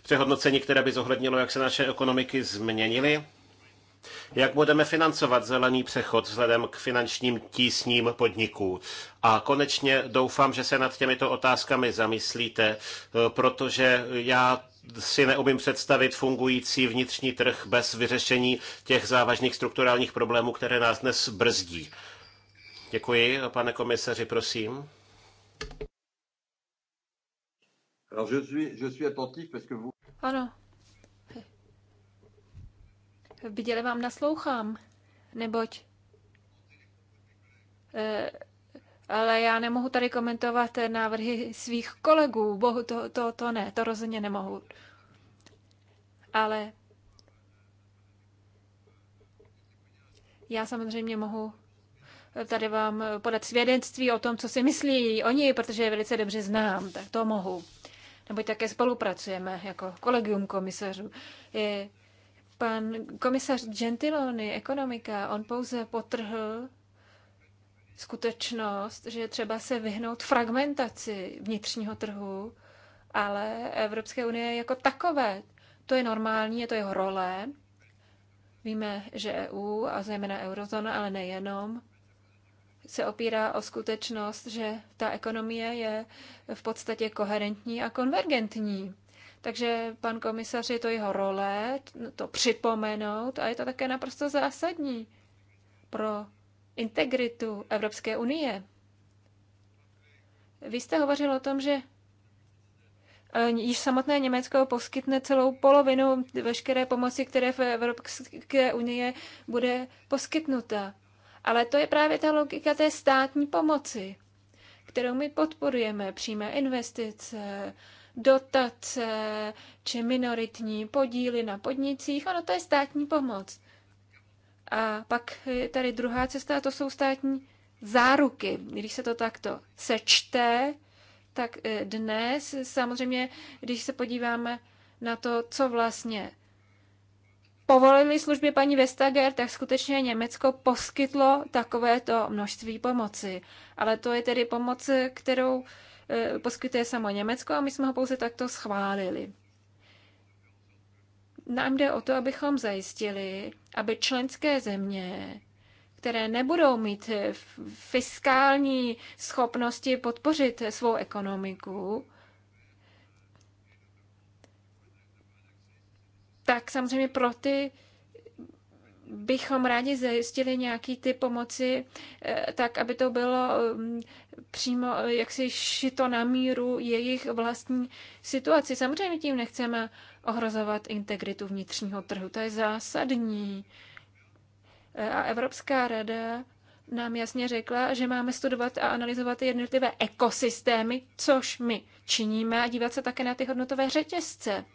přehodnocení, které by zohlednilo, jak se naše ekonomiky změnily? Jak budeme financovat zelený přechod vzhledem k finančním tísním podniků? A konečně doufám, že se nad těmito otázkami zamyslíte, e, protože já si neumím představit fungující vnitřní trh bez vyřešení těch závažných strukturálních problémů, které nás dnes brzdí. Děkuji, pane komisaři, prosím. Ano, viděle vám naslouchám, neboť eh, ale já nemohu tady komentovat návrhy svých kolegů. Bohu, to, to, to ne, to rozhodně nemohu. Ale já samozřejmě mohu tady vám podat svědectví o tom, co si myslí oni, protože je velice dobře znám, tak to mohu. Neboť také spolupracujeme jako kolegium komisařů. Je, Pan komisař Gentiloni, ekonomika, on pouze potrhl skutečnost, že je třeba se vyhnout fragmentaci vnitřního trhu, ale Evropské unie jako takové. To je normální, je to jeho role. Víme, že EU a zejména eurozóna, ale nejenom, se opírá o skutečnost, že ta ekonomie je v podstatě koherentní a konvergentní. Takže pan komisař je to jeho role, to připomenout a je to také naprosto zásadní pro integritu Evropské unie. Vy jste hovořil o tom, že eh, již samotné Německo poskytne celou polovinu veškeré pomoci, které v Evropské unie bude poskytnuta. Ale to je právě ta logika té státní pomoci, kterou my podporujeme, přímé investice, dotace či minoritní podíly na podnicích, ano, to je státní pomoc. A pak je tady druhá cesta, a to jsou státní záruky. Když se to takto sečte, tak e, dnes samozřejmě, když se podíváme na to, co vlastně povolili službě paní Vestager, tak skutečně Německo poskytlo takovéto množství pomoci. Ale to je tedy pomoc, kterou E, poskytuje samo Německo a my jsme ho pouze takto schválili. Nám jde o to, abychom zajistili, aby členské země, které nebudou mít fiskální schopnosti podpořit svou ekonomiku, tak samozřejmě pro ty bychom rádi zajistili nějaký ty pomoci, eh, tak aby to bylo mm, přímo eh, jaksi šito na míru jejich vlastní situaci. Samozřejmě tím nechceme ohrozovat integritu vnitřního trhu, to je zásadní. Eh, a Evropská rada nám jasně řekla, že máme studovat a analyzovat jednotlivé ekosystémy, což my činíme, a dívat se také na ty hodnotové řetězce.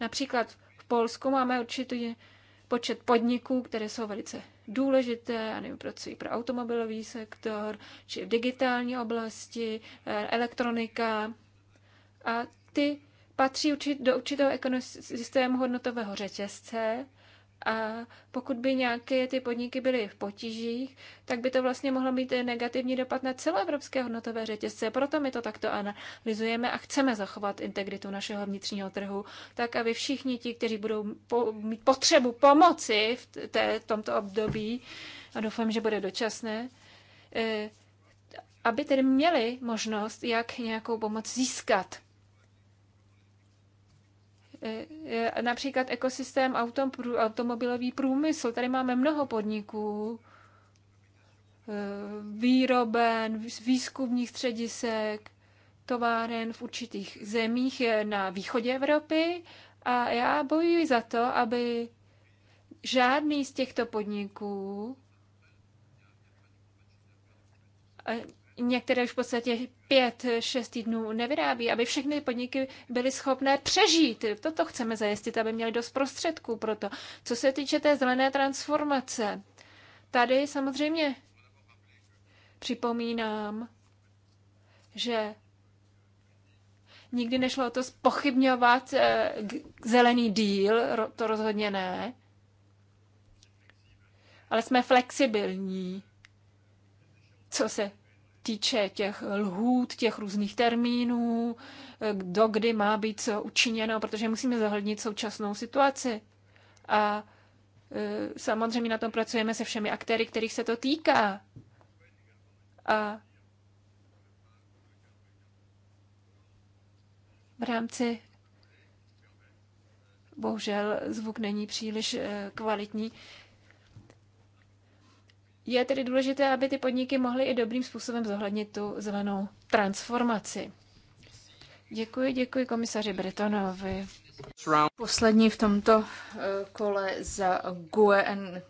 Například v Polsku máme určitý počet podniků, které jsou velice důležité, a nevím, pracují pro automobilový sektor, či v digitální oblasti, eh, elektronika. A ty patří do určitého ekosystému hodnotového řetězce a pokud by nějaké ty podniky byly v potížích, tak by to vlastně mohlo mít negativní dopad na celoevropské hodnotové řetězce. Proto my to takto analyzujeme a chceme zachovat integritu našeho vnitřního trhu, tak aby všichni ti, kteří budou po, mít potřebu pomoci v té, tomto období, a doufám, že bude dočasné, eh, aby tedy měli možnost, jak nějakou pomoc získat. Eh, například ekosystém autom, automobilový průmysl. Tady máme mnoho podniků, eh, výroben, výzkumních středisek, továren v určitých zemích na východě Evropy a já bojuji za to, aby žádný z těchto podniků eh, některé už v podstatě pět, šest týdnů nevyrábí, aby všechny podniky byly schopné přežít. Toto chceme zajistit, aby měli dost prostředků pro to. Co se týče té zelené transformace, tady samozřejmě připomínám, že nikdy nešlo o to spochybňovat eh, zelený díl, to rozhodně ne, ale jsme flexibilní co se týče těch lhůt, těch různých termínů, do kdy má být co učiněno, protože musíme zohlednit současnou situaci. A e, samozřejmě na tom pracujeme se všemi aktéry, kterých se to týká. A v rámci bohužel zvuk není příliš e, kvalitní. Je tedy důležité, aby ty podniky mohly i dobrým způsobem zohlednit tu zelenou transformaci. Děkuji, děkuji komisaři Bretonovi. Poslední v tomto eh, kole za GUNK.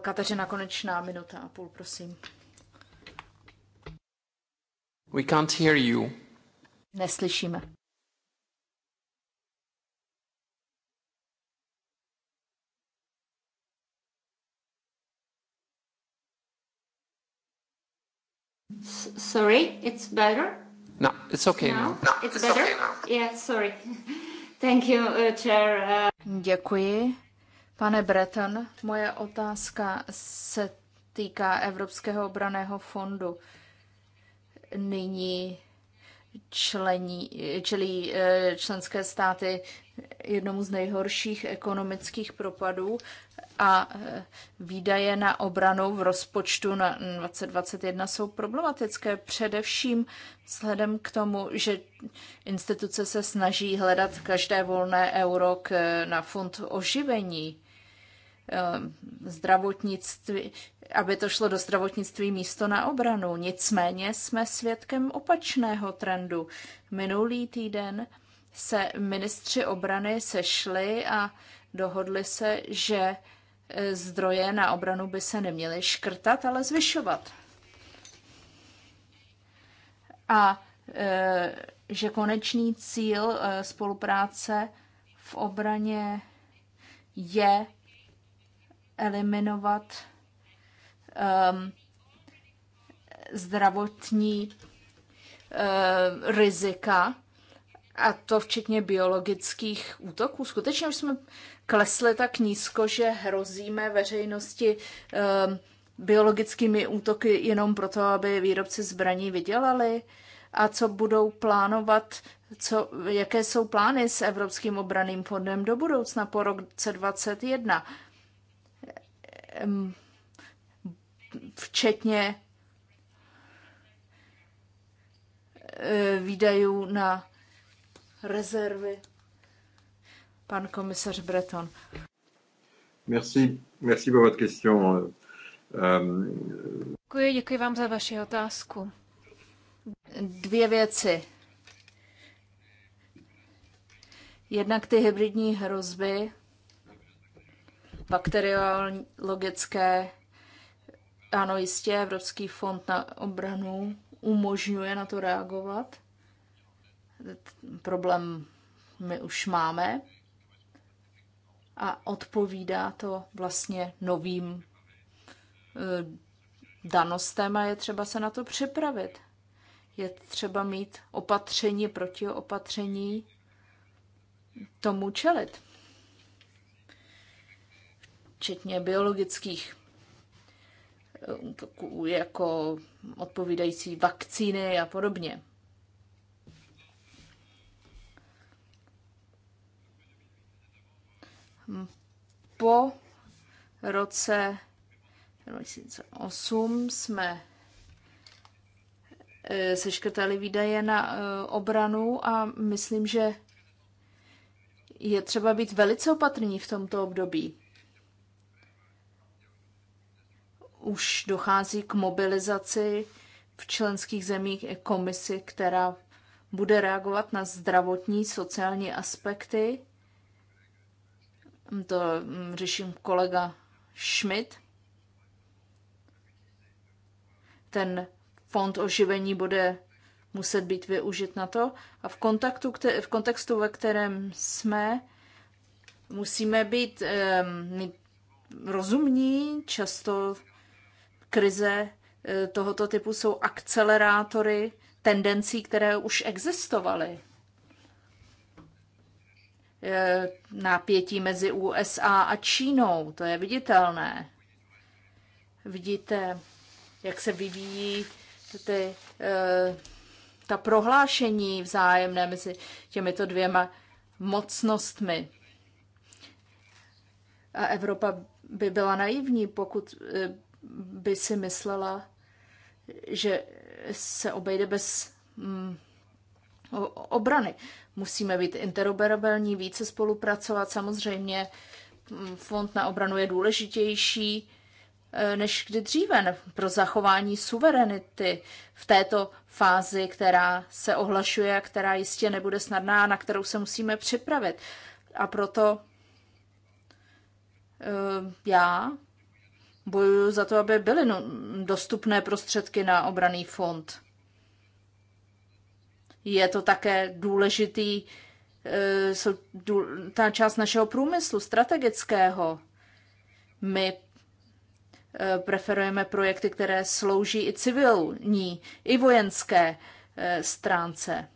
Kateřina Konečná, minuta a půl, prosím. We can't hear you. Neslyšíme. S- sorry, it's better? No, it's okay now. now. No, it's, it's better? Okay now. Yeah, sorry. Thank you, uh, chair. Uh... Děkuji. Pane Breton, moje otázka se týká Evropského obraného fondu. Nyní člení, čelí eh, členské státy jednomu z nejhorších ekonomických propadů a e, výdaje na obranu v rozpočtu na 2021 jsou problematické, především vzhledem k tomu, že instituce se snaží hledat každé volné euro k, e, na fond oživení e, zdravotnictví, aby to šlo do zdravotnictví místo na obranu. Nicméně jsme svědkem opačného trendu. Minulý týden se ministři obrany sešli a dohodli se, že e, zdroje na obranu by se neměly škrtat, ale zvyšovat. A e, že konečný cíl e, spolupráce v obraně je eliminovat um, zdravotní uh, rizika a to včetně biologických útoků. Skutečně už jsme klesli tak nízko, že hrozíme veřejnosti um, biologickými útoky jenom proto, aby výrobci zbraní vydělali. A co budou plánovat, co, jaké jsou plány s Evropským obraným fondem do budoucna po roce 2021? Ehm, včetně eh, výdajů na rezervy. Pan komisař Breton. Merci, merci pour votre question. Um... Děkuji, děkuji vám za vaši otázku. Dvě věci. Jednak ty hybridní hrozby, bakteriologické, ano, jistě, Evropský fond na obranu umožňuje na to reagovat – Problém my už máme a odpovídá to vlastně novým eh, danostem a je třeba se na to připravit. Je třeba mít opatření proti opatření tomu čelit. Včetně biologických eh, jako odpovídající vakcíny a podobně. Po roce 2008 jsme e, seškrtali výdaje na e, obranu a myslím, že je třeba být velice opatrní v tomto období. Už dochází k mobilizaci v členských zemích komisi, která bude reagovat na zdravotní, sociální aspekty to mm, řeším kolega Schmidt. Ten fond oživení bude muset být využit na to. A v, kontaktu, v kontextu, ve kterém jsme, musíme být um, rozumní. Často krize e, tohoto typu jsou akcelerátory tendencí, které už existovaly napětí mezi USA a Čínou. To je viditelné. Vidíte, jak se vyvíjí ty, eh, ta prohlášení vzájemné mezi těmito dvěma mocnostmi. A Evropa by byla naivní, pokud eh, by si myslela, že se obejde bez mm, obrany. Musíme být interoperabilní, více spolupracovat. Samozřejmě mm, fond na obranu je důležitější eh, než kdy dříve pro zachování suverenity v této fázi, která se ohlašuje a která jistě nebude snadná, na kterou se musíme připravit. A proto eh, já bojuju za to, aby byly no, dostupné prostředky na obraný fond je to také důležitý, eh, jsou ta část našeho průmyslu, strategického. My eh, preferujeme projekty, které slouží i civilní, i vojenské eh, stránce.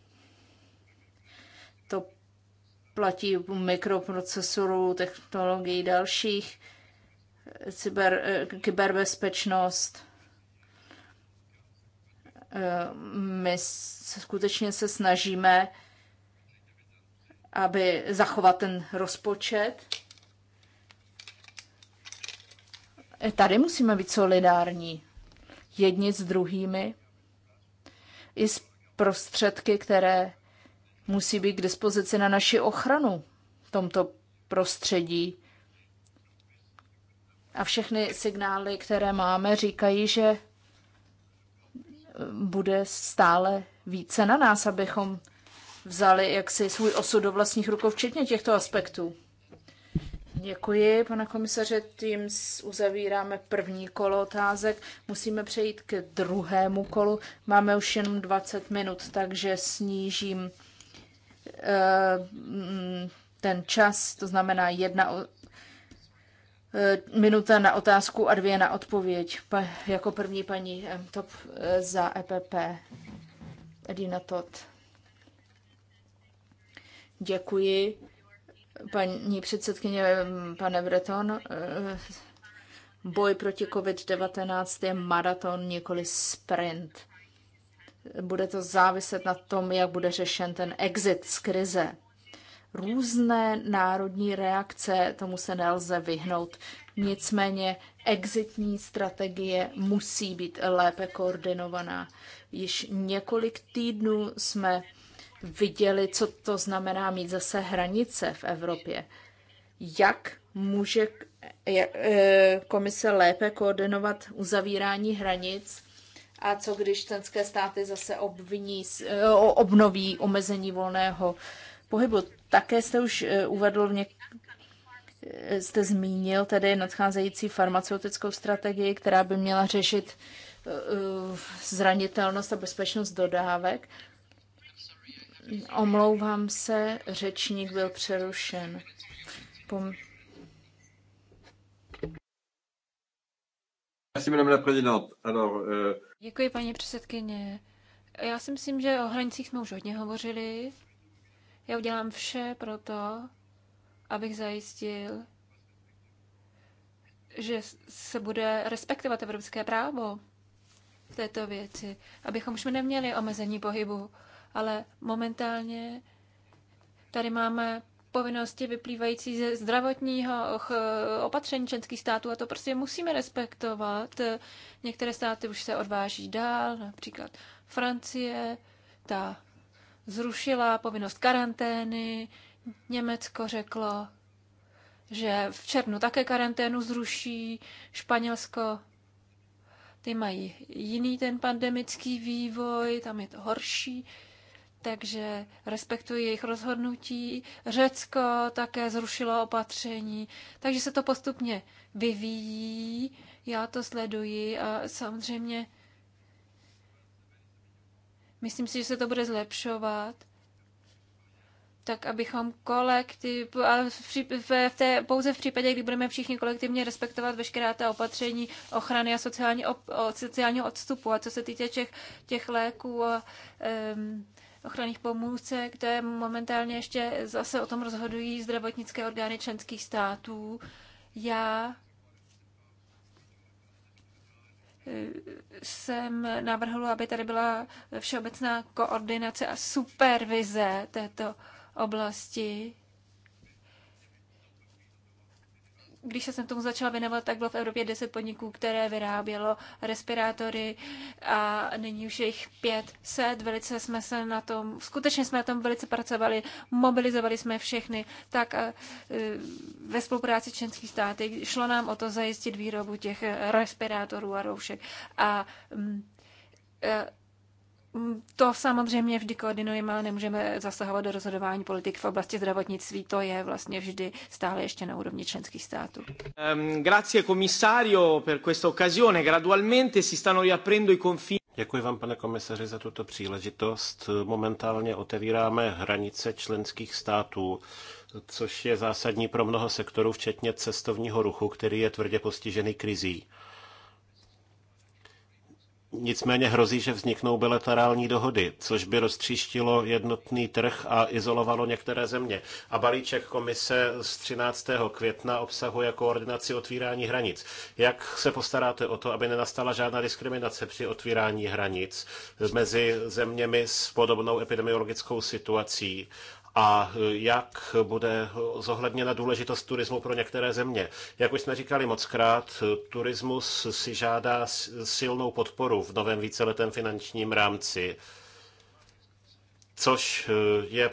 To platí u mikroprocesorů, technologií dalších, cyber, kyberbezpečnost my skutečně se snažíme, aby zachovat ten rozpočet. Tady musíme být solidární jedni s druhými i s prostředky, které musí být k dispozici na naši ochranu v tomto prostředí. A všechny signály, které máme, říkají, že bude stále více na nás, abychom vzali jaksi svůj osud do vlastních rukou, včetně těchto aspektů. Děkuji, pane komisaře. Tím uzavíráme první kolo otázek. Musíme přejít k druhému kolu. Máme už jenom 20 minut, takže snížím eh, ten čas, to znamená jedna Eh, minuta na otázku a dvě na odpověď. Pa, jako první paní eh, Top eh, za EPP. Edina Tot. Děkuji. Paní předsedkyně, mm, pane Breton, boj proti COVID-19 je maraton, nikoli sprint. Bude to záviset na tom, jak bude řešen ten exit z krize různé národní reakce, tomu se nelze vyhnout. Nicméně exitní strategie musí být lépe koordinovaná. Již několik týdnů jsme viděli, co to znamená mít zase hranice v Evropě. Jak může e, komise lépe koordinovat uzavírání hranic a co když členské státy zase obviní, e, obnoví omezení volného pohybu? Také jste už eh, uvedl v něk- eh, jste zmínil tedy nadcházející farmaceutickou strategii, která by měla řešit eh, zranitelnost a bezpečnost dodávek. Omlouvám se, řečník byl přerušen. Pom- euh, Děkuji, paní předsedkyně. Já si myslím, že o hranicích jsme už hodně hovořili. Já udělám vše pro to, abych zajistil, že se bude respektovat evropské právo v této věci, abychom už neměli omezení pohybu, ale momentálně tady máme povinnosti vyplývající ze zdravotního opatření členských států a to prostě musíme respektovat. Některé státy už se odváží dál, například Francie, ta zrušila povinnost karantény, Německo řeklo, že v červnu také karanténu zruší, Španělsko, ty mají jiný ten pandemický vývoj, tam je to horší, takže respektuji jejich rozhodnutí. Řecko také zrušilo opatření, takže se to postupně vyvíjí, já to sleduji a samozřejmě Myslím si, že se to bude zlepšovat tak abychom kolektiv, a v, v, v té, pouze v případě, kdy budeme všichni kolektivně respektovat veškerá ta opatření ochrany a sociální, op, sociálního odstupu. A co se týče těch, těch léků a um, ochranných pomůcek, to je momentálně ještě zase o tom rozhodují zdravotnické orgány členských států. Já jsem navrhla, aby tady byla všeobecná koordinace a supervize této oblasti když jsem tomu začala věnovat, tak bylo v Evropě 10 podniků, které vyrábělo respirátory a nyní už jich 500. Velice jsme se na tom, skutečně jsme na tom velice pracovali, mobilizovali jsme všechny, tak a, eh, ve spolupráci členských státy šlo nám o to zajistit výrobu těch respirátorů a roušek. A, a mm, eh, to samozřejmě vždy koordinujeme, nemůžeme zasahovat do rozhodování politik v oblasti zdravotnictví, to je vlastně vždy stále ještě na úrovni členských států. Um, grazie komisario per questa occasione. Gradualmente si stanno riaprendo i confini. Děkuji vám, pane komisaři, za tuto příležitost. Momentálně otevíráme hranice členských států, což je zásadní pro mnoho sektorů, včetně cestovního ruchu, který je tvrdě postižený krizí. Nicméně hrozí, že vzniknou bilaterální dohody, což by roztříštilo jednotný trh a izolovalo některé země. A balíček komise z 13. května obsahuje koordinaci otvírání hranic. Jak se postaráte o to, aby nenastala žádná diskriminace při otvírání hranic mezi zeměmi s podobnou epidemiologickou situací a e, jak bude zohledněna důležitost turismu pro některé země. Jak už jsme říkali mockrát, e, turismus si žádá silnou podporu v novém víceletém finančním rámci, což e, je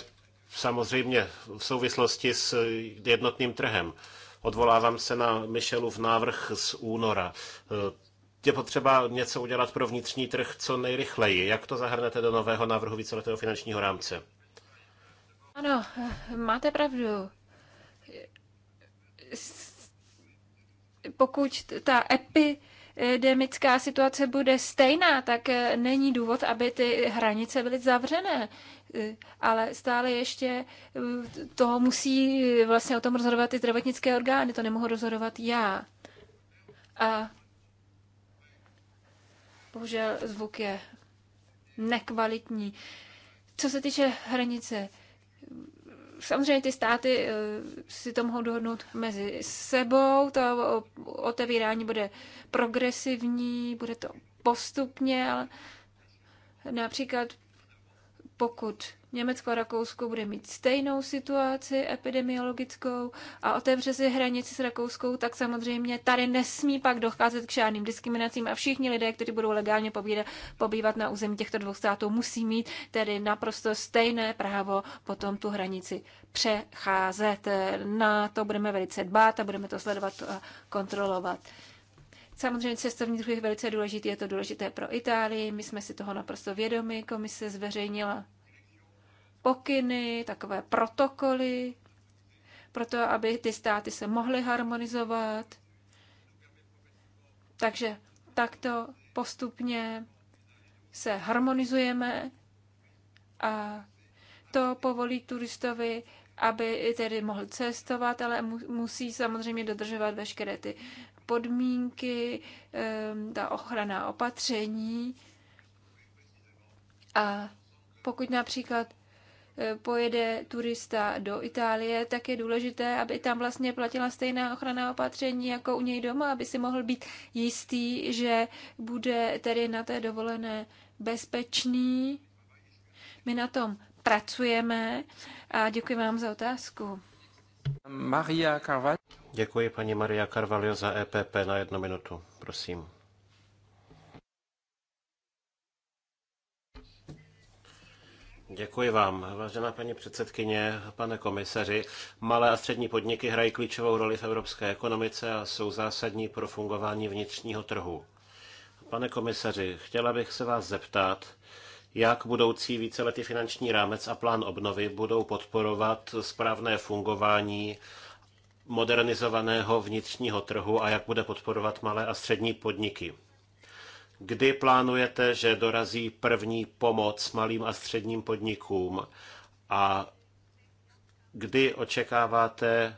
samozřejmě v souvislosti s jednotným trhem. Odvolávám se na Michelův návrh z února je potřeba něco udělat pro vnitřní trh co nejrychleji. Jak to zahrnete do nového návrhu víceletého finančního rámce? Ano, máte pravdu. Pokud ta epidemická situace bude stejná, tak není důvod, aby ty hranice byly zavřené. Ale stále ještě to musí vlastně o tom rozhodovat i zdravotnické orgány, to nemohu rozhodovat já. A bohužel zvuk je nekvalitní. Co se týče hranice Samozřejmě ty státy eh, si to mohou dohodnout mezi sebou, to otevírání bude progresivní, bude to postupně, ale například pokud Německo a Rakousko bude mít stejnou situaci epidemiologickou a otevře si hranici s Rakouskou, tak samozřejmě tady nesmí pak docházet k žádným diskriminacím a všichni lidé, kteří budou legálně pobírat, pobývat na území těchto dvou států, musí mít tedy naprosto stejné právo potom tu hranici přecházet. Na to budeme velice dbát a budeme to sledovat a kontrolovat. Samozřejmě cestovní druh je velice důležitý, je to důležité pro Itálii, my jsme si toho naprosto vědomi, komise zveřejnila pokyny, takové protokoly, proto aby ty státy se mohly harmonizovat. Takže takto postupně se harmonizujeme a to povolí turistovi, aby tedy mohl cestovat, ale musí samozřejmě dodržovat veškeré ty podmínky, ta ochrana opatření. A pokud například e, pojede turista do Itálie, tak je důležité, aby tam vlastně platila stejná ochrana opatření jako u něj doma, aby si mohl být jistý, že bude tedy na té dovolené bezpečný. My na tom pracujeme a děkuji vám za otázku. Maria Carvalho. Děkuji paní Maria Carvalho za EPP na jednu minutu. Prosím. Děkuji vám. Vážená paní předsedkyně, pane komisaři, malé a střední podniky hrají klíčovou roli v evropské ekonomice a jsou zásadní pro fungování vnitřního trhu. Pane komisaři, chtěla bych se vás zeptat, jak budoucí víceletý finanční rámec a plán obnovy budou podporovat správné fungování modernizovaného vnitřního trhu a jak bude podporovat malé a střední podniky. Kdy plánujete, že dorazí první pomoc malým a středním podnikům a kdy očekáváte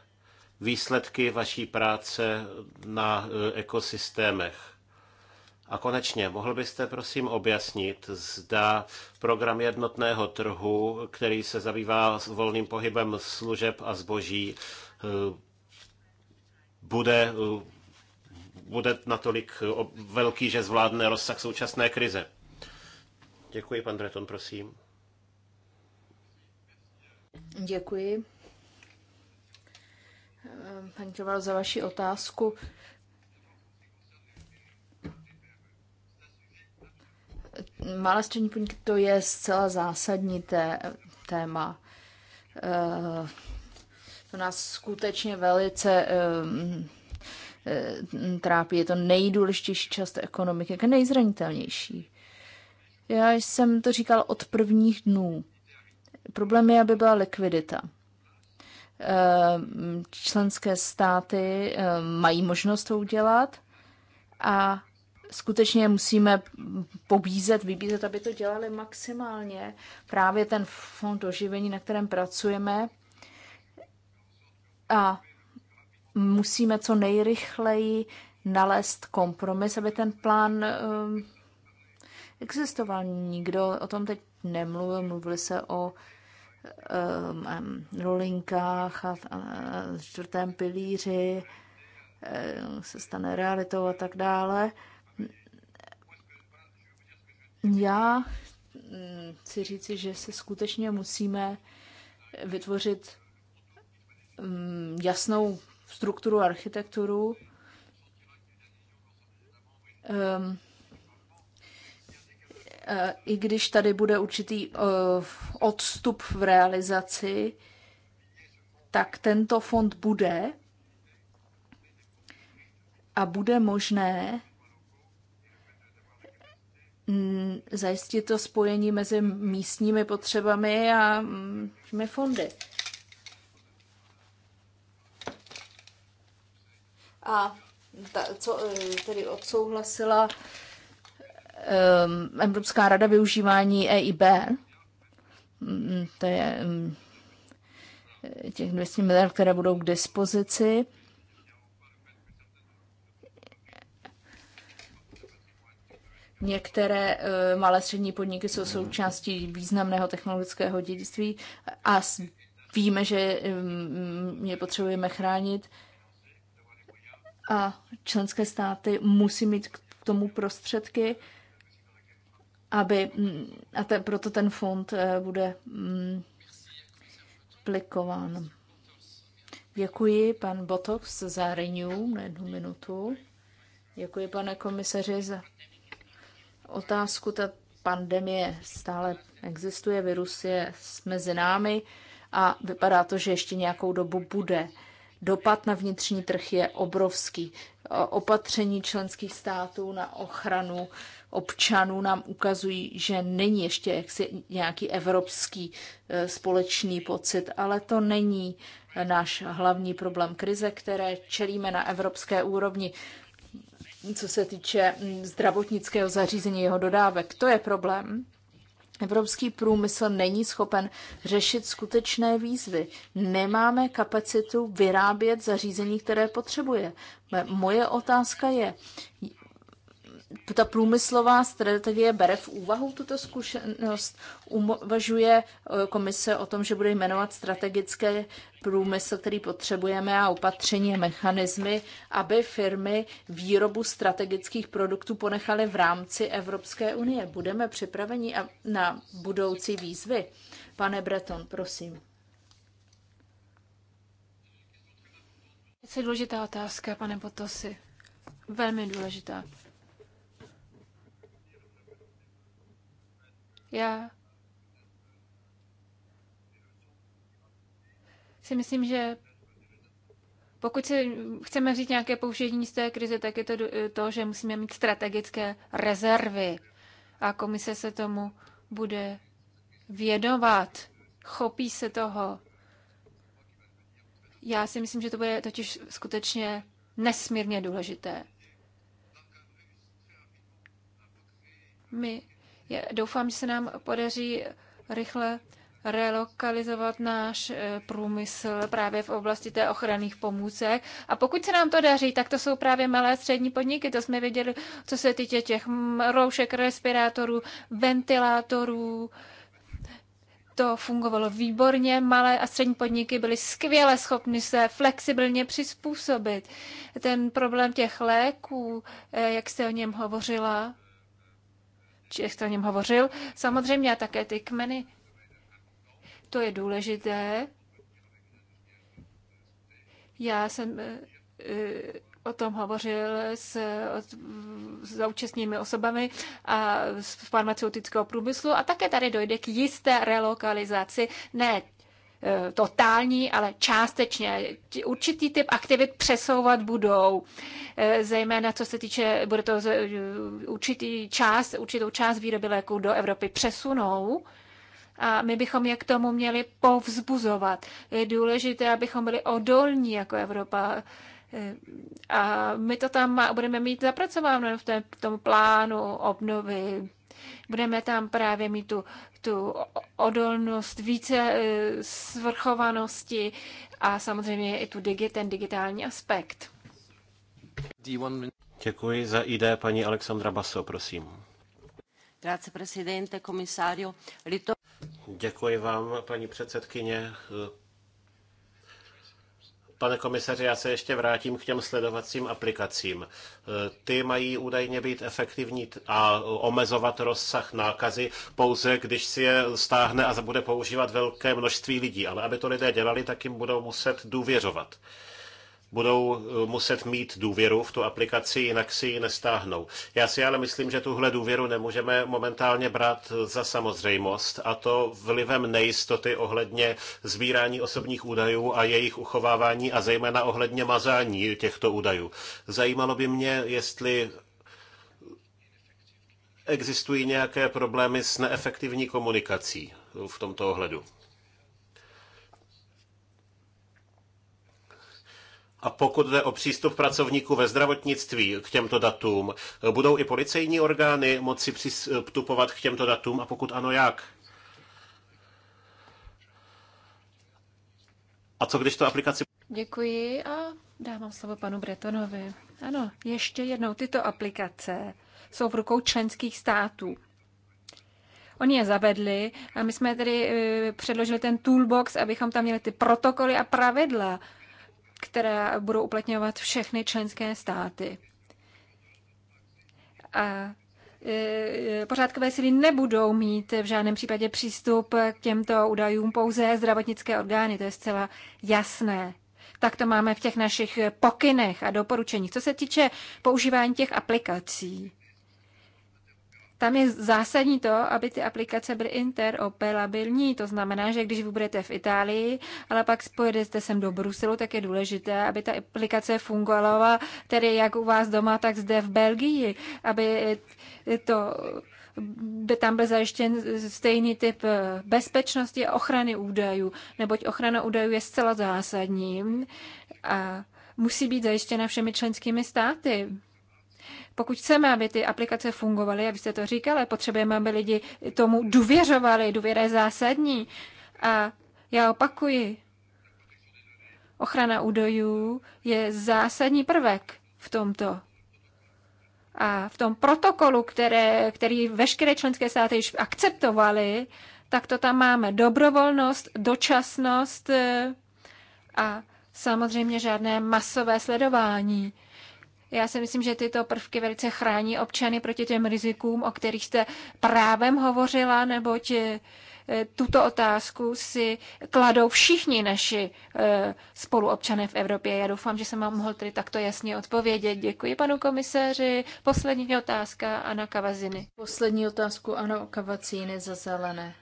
výsledky vaší práce na eh, ekosystémech? A konečně, mohl byste prosím objasnit, zda program jednotného trhu, který se zabývá volným pohybem služeb a zboží, eh, bude, eh, bude natolik eh, velký, že zvládne rozsah současné krize. Děkuji, pan Breton, prosím. Děkuji. Eh, paní Čoval, za vaši otázku. Malé střední podniky to je zcela zásadní té, téma. To nás skutečně velice ehm, ehm, trápí. Je to nejdůležitější část ekonomiky, jako nejzranitelnější. Já jsem to říkal od prvních dnů. Problém je, aby byla likvidita. Ehm, členské státy mají možnost to udělat a skutečně musíme pobízet, vybízet, aby to dělali maximálně. Právě ten fond oživení, na kterém pracujeme, a musíme co nejrychleji nalézt kompromis, aby ten plán um, existoval. Nikdo o tom teď nemluvil, mluvili se o um, rolinkách a, a, a čtvrtém pilíři, um, se stane realitou a tak dále. Já mm, chci říci, že se skutečně musíme vytvořit Mm, jasnou strukturu, architekturu. Um, I když tady bude určitý eh, odstup v realizaci, tak tento fond bude a bude možné mm, zajistit to spojení mezi místními potřebami a těmi mm, fondy. a ta, co eh, tedy odsouhlasila um, Evropská rada využívání EIB, mm, mm, to je um, těch 200 miliard, které budou k dispozici. Některé uh, malé střední podniky jsou součástí významného technologického dědictví a víme, že um, je potřebujeme chránit. Uh, a členské státy musí mít k tomu prostředky, aby, mm, a te, proto ten fond eh, bude mm, aplikován. Děkuji, pan Botox, za Renew na jednu minutu. Děkuji, pane komisaři, za otázku. Ta pandemie stále existuje, virus je mezi námi a vypadá to, že ještě nějakou dobu bude. Dopad na vnitřní trh je obrovský. E, opatření členských států na ochranu občanů nám ukazují, že není ještě jaksi nějaký evropský e, společný pocit, ale to není e, náš hlavní problém krize, které čelíme na evropské úrovni co se týče mm, zdravotnického zařízení jeho dodávek. To je problém. Evropský průmysl není schopen řešit skutečné výzvy. Nemáme kapacitu vyrábět zařízení, které potřebuje. Moje otázka je, ta průmyslová strategie bere v úvahu tuto zkušenost, uvažuje eh, komise o tom, že bude jmenovat strategické průmysl, který potřebujeme a opatření mechanismy, aby firmy výrobu strategických produktů ponechaly v rámci Evropské unie. Budeme připraveni na budoucí výzvy. Pane Breton, prosím. Je důležitá otázka, pane Potosi. Velmi důležitá. Já si myslím, že pokud si chceme říct nějaké použití z té krize, tak je to to, že musíme mít strategické rezervy a komise se tomu bude věnovat, chopí se toho. Já si myslím, že to bude totiž skutečně nesmírně důležité. My Doufám, že se nám podaří rychle relokalizovat náš eh, průmysl právě v oblasti té ochranných pomůcek. A pokud se nám to daří, tak to jsou právě malé střední podniky. To jsme viděli, co se týče těch roušek, respirátorů, ventilátorů. To fungovalo výborně, malé a střední podniky byly skvěle schopny se flexibilně přizpůsobit. Ten problém těch léků, eh, jak jste o něm hovořila, jste o něm hovořil. Samozřejmě a také ty kmeny. To je důležité. Já jsem eh, eh, o tom hovořil s, s účastními osobami a z farmaceutického průmyslu a také tady dojde k jisté relokalizaci, ne Eh, totální, ale částečně. Určitý typ aktivit přesouvat budou, eh, zejména co se týče, bude to eh, určitý část, určitou část výroby léků do Evropy přesunou, a my bychom je k tomu měli povzbuzovat. Je důležité, abychom byli odolní jako Evropa. A my to tam budeme mít zapracováno v tom plánu obnovy Budeme tam právě mít tu, tu odolnost, více e, svrchovanosti a samozřejmě i tu digi, ten digitální aspekt. Děkuji za ID paní Alexandra Baso, prosím. Grazie, presidente, komisario. Děkuji vám, paní předsedkyně, Pane komisaři, já se ještě vrátím k těm sledovacím aplikacím. E, ty mají údajně být efektivní a omezovat rozsah nákazy pouze, když si je stáhne a bude používat velké množství lidí. Ale aby to lidé dělali, tak jim budou muset důvěřovat budou eh, muset mít důvěru v tu aplikaci, jinak si ji nestáhnou. Já si ale myslím, že tuhle důvěru nemůžeme momentálně brát eh, za samozřejmost a to vlivem nejistoty ohledně sbírání osobních údajů a jejich uchovávání a zejména ohledně mazání těchto údajů. Zajímalo by mě, jestli existují nějaké problémy s neefektivní komunikací v tomto ohledu. A pokud jde o přístup pracovníků ve zdravotnictví k těmto datům, budou i policejní orgány moci přistupovat k těmto datům a pokud ano, jak? A co když to aplikaci... Děkuji a dávám slovo panu Bretonovi. Ano, ještě jednou, tyto aplikace jsou v rukou členských států. Oni je zavedli a my jsme tedy eh, předložili ten toolbox, abychom tam měli ty protokoly a pravidla která budou uplatňovat všechny členské státy. A e, pořádkové síly nebudou mít v žádném případě přístup k těmto údajům pouze zdravotnické orgány, to je zcela jasné. Tak to máme v těch našich pokynech a doporučeních. Co se týče používání těch aplikací, tam je zásadní to, aby ty aplikace byly interoperabilní. To znamená, že když vy budete v Itálii, ale pak pojedete sem do Bruselu, tak je důležité, aby ta aplikace fungovala tedy jak u vás doma, tak zde v Belgii, aby to by tam byl zajištěn stejný typ bezpečnosti a ochrany údajů, neboť ochrana údajů je zcela zásadní a musí být zajištěna všemi členskými státy. Pokud chceme, aby ty aplikace fungovaly, abyste to říkali, potřebujeme, aby lidi tomu důvěřovali, důvěra je zásadní. A já opakuji, ochrana údajů je zásadní prvek v tomto. A v tom protokolu, které, který veškeré členské státy již akceptovaly, tak to tam máme dobrovolnost, dočasnost eh, a samozřejmě žádné masové sledování. Já si myslím, že tyto prvky velice chrání občany proti těm rizikům, o kterých jste právem hovořila, neboť eh, tuto otázku si kladou všichni naši eh, spoluobčané v Evropě. Já doufám, že jsem vám mohl tedy takto jasně odpovědět. Děkuji panu komisaři. Poslední otázka Ana Kavaziny. Poslední otázku Ana Kavacíny za zelené.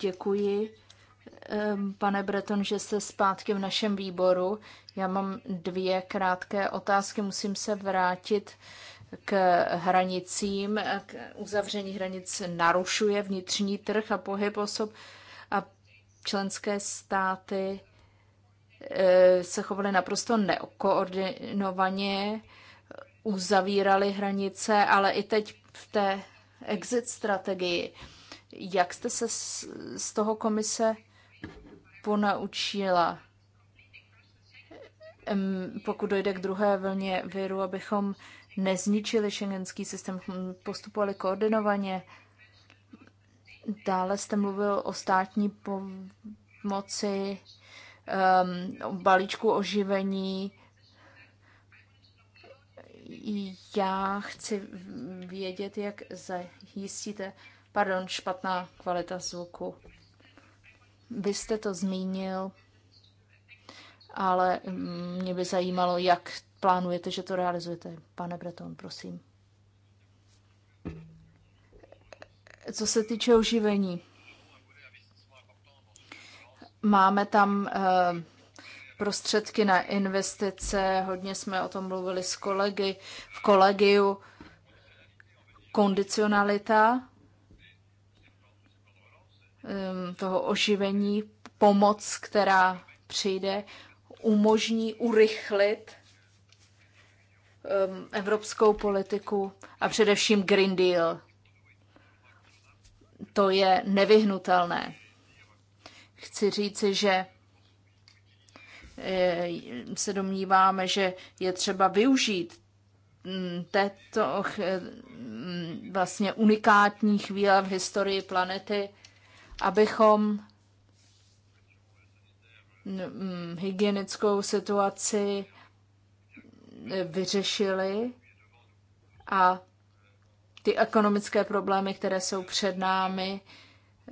Děkuji pane Breton, že jste zpátky v našem výboru. Já mám dvě krátké otázky. Musím se vrátit k hranicím. K uzavření hranic narušuje vnitřní trh a pohyb osob a členské státy e, se chovaly naprosto neokoordinovaně, uzavíraly hranice, ale i teď v té exit strategii. Jak jste se z toho komise ponaučila, pokud dojde k druhé vlně viru, abychom nezničili šengenský systém, postupovali koordinovaně. Dále jste mluvil o státní pomoci, o balíčku oživení. Já chci vědět, jak zajistíte. Pardon, špatná kvalita zvuku. Vy jste to zmínil, ale mm, mě by zajímalo, jak plánujete, že to realizujete. Pane Breton, prosím. Co se týče oživení, máme tam eh, prostředky na investice, hodně jsme o tom mluvili s kolegy v kolegiu. Kondicionalita, Um, toho oživení, pomoc, která přijde, umožní urychlit um, evropskou politiku a především Green Deal. To je nevyhnutelné. Chci říci, že eh, se domníváme, že je třeba využít mm, této mm, vlastně unikátní chvíle v historii planety abychom mm, hygienickou situaci e, vyřešili a ty ekonomické problémy, které jsou před námi,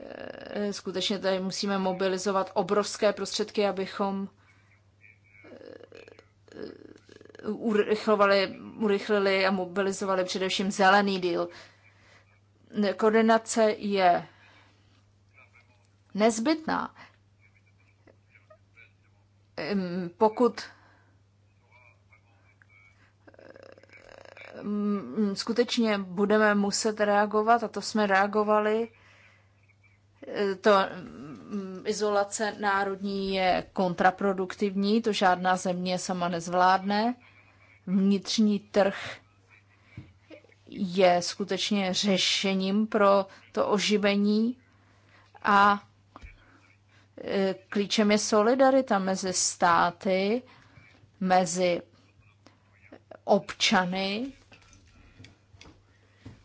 e, skutečně tady musíme mobilizovat obrovské prostředky, abychom e, urychlovali, urychlili a mobilizovali především zelený díl. Koordinace je nezbytná. Pokud skutečně budeme muset reagovat, a to jsme reagovali, e, to mm, izolace národní je kontraproduktivní, to žádná země sama nezvládne. Vnitřní trh je skutečně řešením pro to oživení a klíčem je solidarita mezi státy, mezi občany,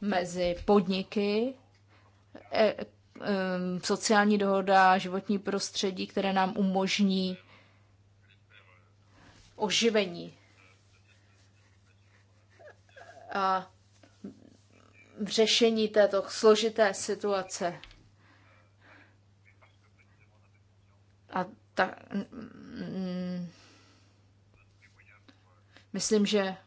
mezi podniky, e, sociální dohoda, životní prostředí, které nám umožní oživení. A v řešení této složité situace A ta, mm, myslím, že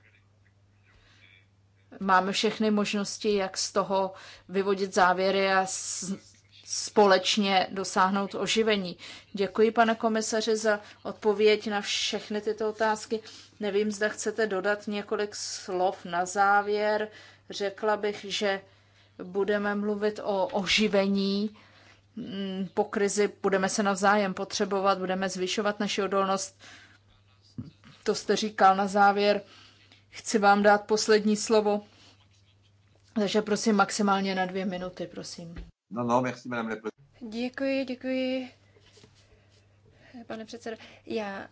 máme všechny možnosti, jak z toho vyvodit závěry a společně dosáhnout oživení. Děkuji, pane komisaři, za odpověď na všechny tyto otázky. Nevím, zda chcete dodat několik slov na závěr. Řekla bych, že budeme mluvit o oživení Mm, po krizi budeme se navzájem potřebovat, budeme zvyšovat naši odolnost. To jste říkal na závěr. Chci vám dát poslední slovo. Takže prosím maximálně na dvě minuty, prosím. No, no, merci, madame nemůžete. Děkuji, děkuji, pane předsedo. Já e,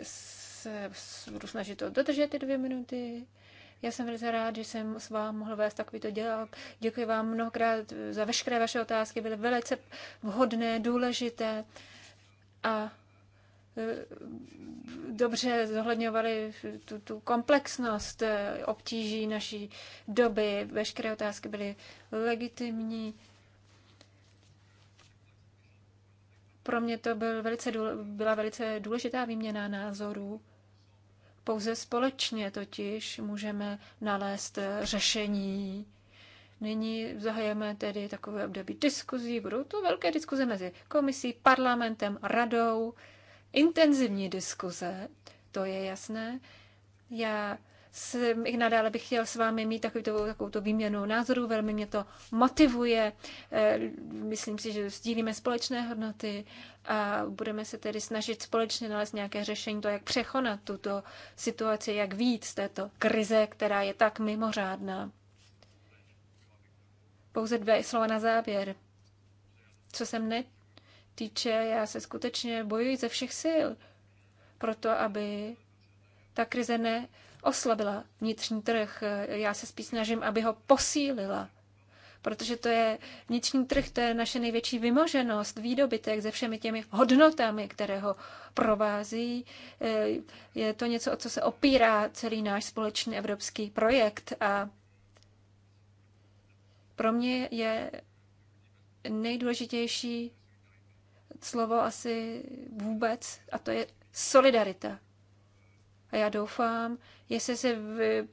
eh, se budu snažit to dodržet ty dvě minuty. E, já jsem velice rád, že jsem s vámi mohl vést takovýto dělal. Děkuji vám mnohokrát za veškeré vaše otázky, byly velice vhodné, důležité a e, dobře zohledňovali tu, tu komplexnost e, obtíží naší doby. Veškeré otázky byly legitimní. Pro mě to byl velice, byla velice důležitá výměna názorů. Pouze společně totiž můžeme nalézt řešení. Nyní zahajeme tedy takové období diskuzí. Budou to velké diskuze mezi komisí, parlamentem, radou. Intenzivní diskuze, to je jasné. Já i nadále bych chtěl s vámi mít takovou, takovou tu výměnu názorů, velmi mě to motivuje. Eh, myslím si, že sdílíme společné hodnoty a budeme se tedy snažit společně nalézt nějaké řešení to, jak přechonat tuto situaci, jak víc z této krize, která je tak mimořádná. Pouze dvě slova na závěr. Co se mne týče, já se skutečně bojuji ze všech sil proto, aby ta krize ne, oslabila vnitřní trh. Já se spíš snažím, aby ho posílila. Protože to je vnitřní trh, to je naše největší vymoženost, výdobytek se všemi těmi hodnotami, které ho provází. Eh, je to něco, o co se opírá celý náš společný evropský projekt. A pro mě je nejdůležitější slovo asi vůbec, a to je solidarita. A já doufám, jestli se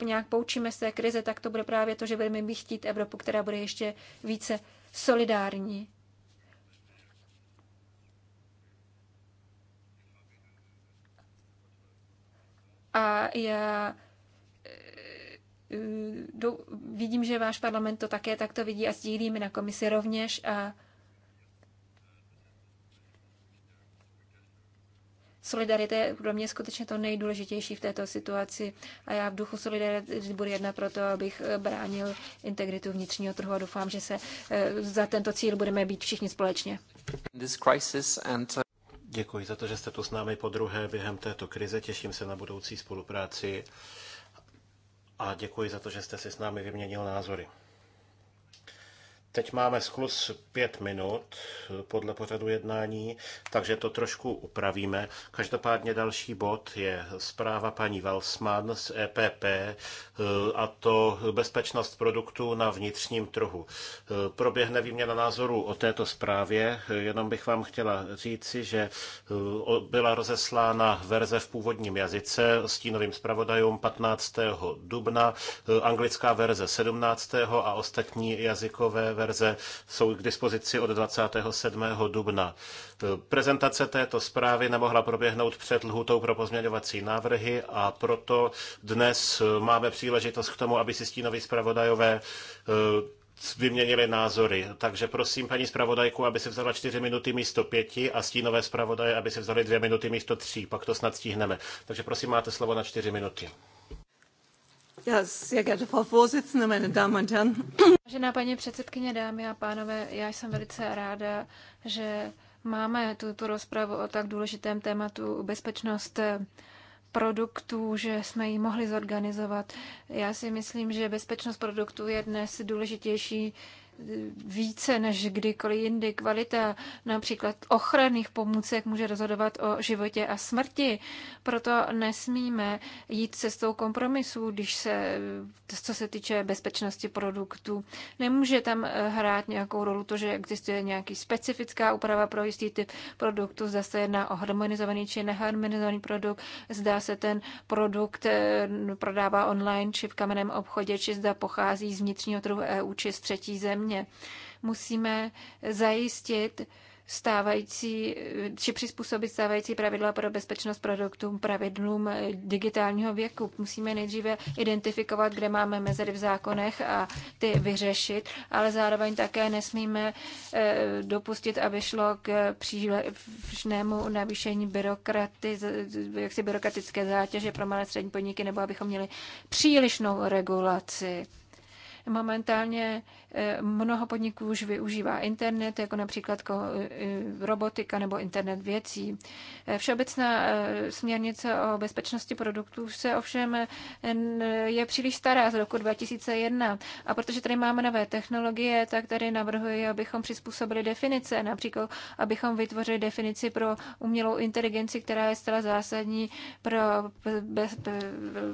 nějak poučíme z té krize, tak to bude právě to, že budeme mít chtít Evropu, která bude ještě více solidární. A já eh, do, vidím, že váš parlament to také takto vidí a sdílíme na komisi rovněž a Solidarita je pro mě skutečně to nejdůležitější v této situaci a já v duchu solidarity budu jedna pro to, abych eh, bránil integritu vnitřního trhu a doufám, že se eh, za tento cíl budeme být všichni společně. Uh, děkuji za to, že jste tu s námi po druhé během této krize. Těším se na budoucí spolupráci a děkuji za to, že jste si s námi vyměnil názory. Teď máme schluz pět minut podle pořadu jednání, takže to trošku upravíme. Každopádně další bod je zpráva paní Valsman z EPP a to bezpečnost produktů na vnitřním trhu. Proběhne výměna názoru o této zprávě, jenom bych vám chtěla říci, že byla rozeslána verze v původním jazyce s tínovým zpravodajům 15. dubna, anglická verze 17. a ostatní jazykové verze verze jsou k dispozici od 27. dubna. Prezentace této zprávy nemohla proběhnout před lhutou pro pozměňovací návrhy a proto dnes máme příležitost k tomu, aby si stínoví zpravodajové eh, vyměnili názory. Takže prosím paní zpravodajku, aby si vzala čtyři minuty místo pěti a stínové zpravodaje, aby si vzali dvě minuty místo tří. Pak to snad stihneme. Takže prosím, máte slovo na čtyři minuty. Vážená paní předsedkyně, dámy a pánové, já jsem velice ráda, že máme tuto rozpravu o tak důležitém tématu bezpečnost produktů, že jsme ji mohli zorganizovat. Já si myslím, že bezpečnost produktů je dnes důležitější více než kdykoliv jindy kvalita například ochranných pomůcek může rozhodovat o životě a smrti. Proto nesmíme jít cestou kompromisů, když se, co se týče bezpečnosti produktů. Nemůže tam eh, hrát nějakou rolu to, že existuje nějaký specifická úprava pro jistý typ produktu, zda se jedná o harmonizovaný či neharmonizovaný produkt, zda se ten produkt eh, prodává online či v kamenném obchodě, či zda pochází z vnitřního trhu EU či z třetí země země. Musíme zajistit stávající, či přizpůsobit stávající pravidla pro bezpečnost produktů, pravidlům digitálního věku. Musíme nejdříve identifikovat, kde máme mezery v zákonech a ty vyřešit, ale zároveň také nesmíme eh, dopustit, aby šlo k přílišnému navýšení byrokraty, jaksi byrokratické zátěže pro malé střední podniky, nebo abychom měli přílišnou regulaci. Momentálně Mnoho podniků už využívá internet, jako například e, robotika nebo internet věcí. E, Všeobecná e, směrnice o bezpečnosti produktů se ovšem je příliš stará z roku 2001 a protože tady máme nové technologie, tak tady navrhuji, abychom přizpůsobili definice, například abychom vytvořili definici pro umělou inteligenci, která je zcela zásadní pro bez,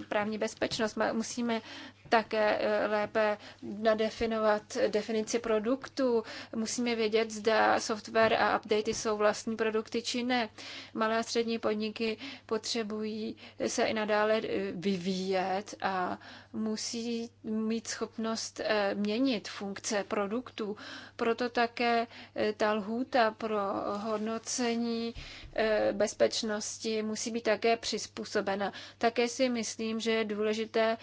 právní bezpečnost. Musíme také lépe nadefinovat znát definici produktu, musíme vědět, zda software a updaty jsou vlastní produkty či ne. Malé a střední podniky potřebují se i nadále eh, vyvíjet a musí mít schopnost eh, měnit funkce produktu Proto také eh, ta lhůta pro hodnocení bezpečnosti musí být také přizpůsobena. Také si myslím, že je důležité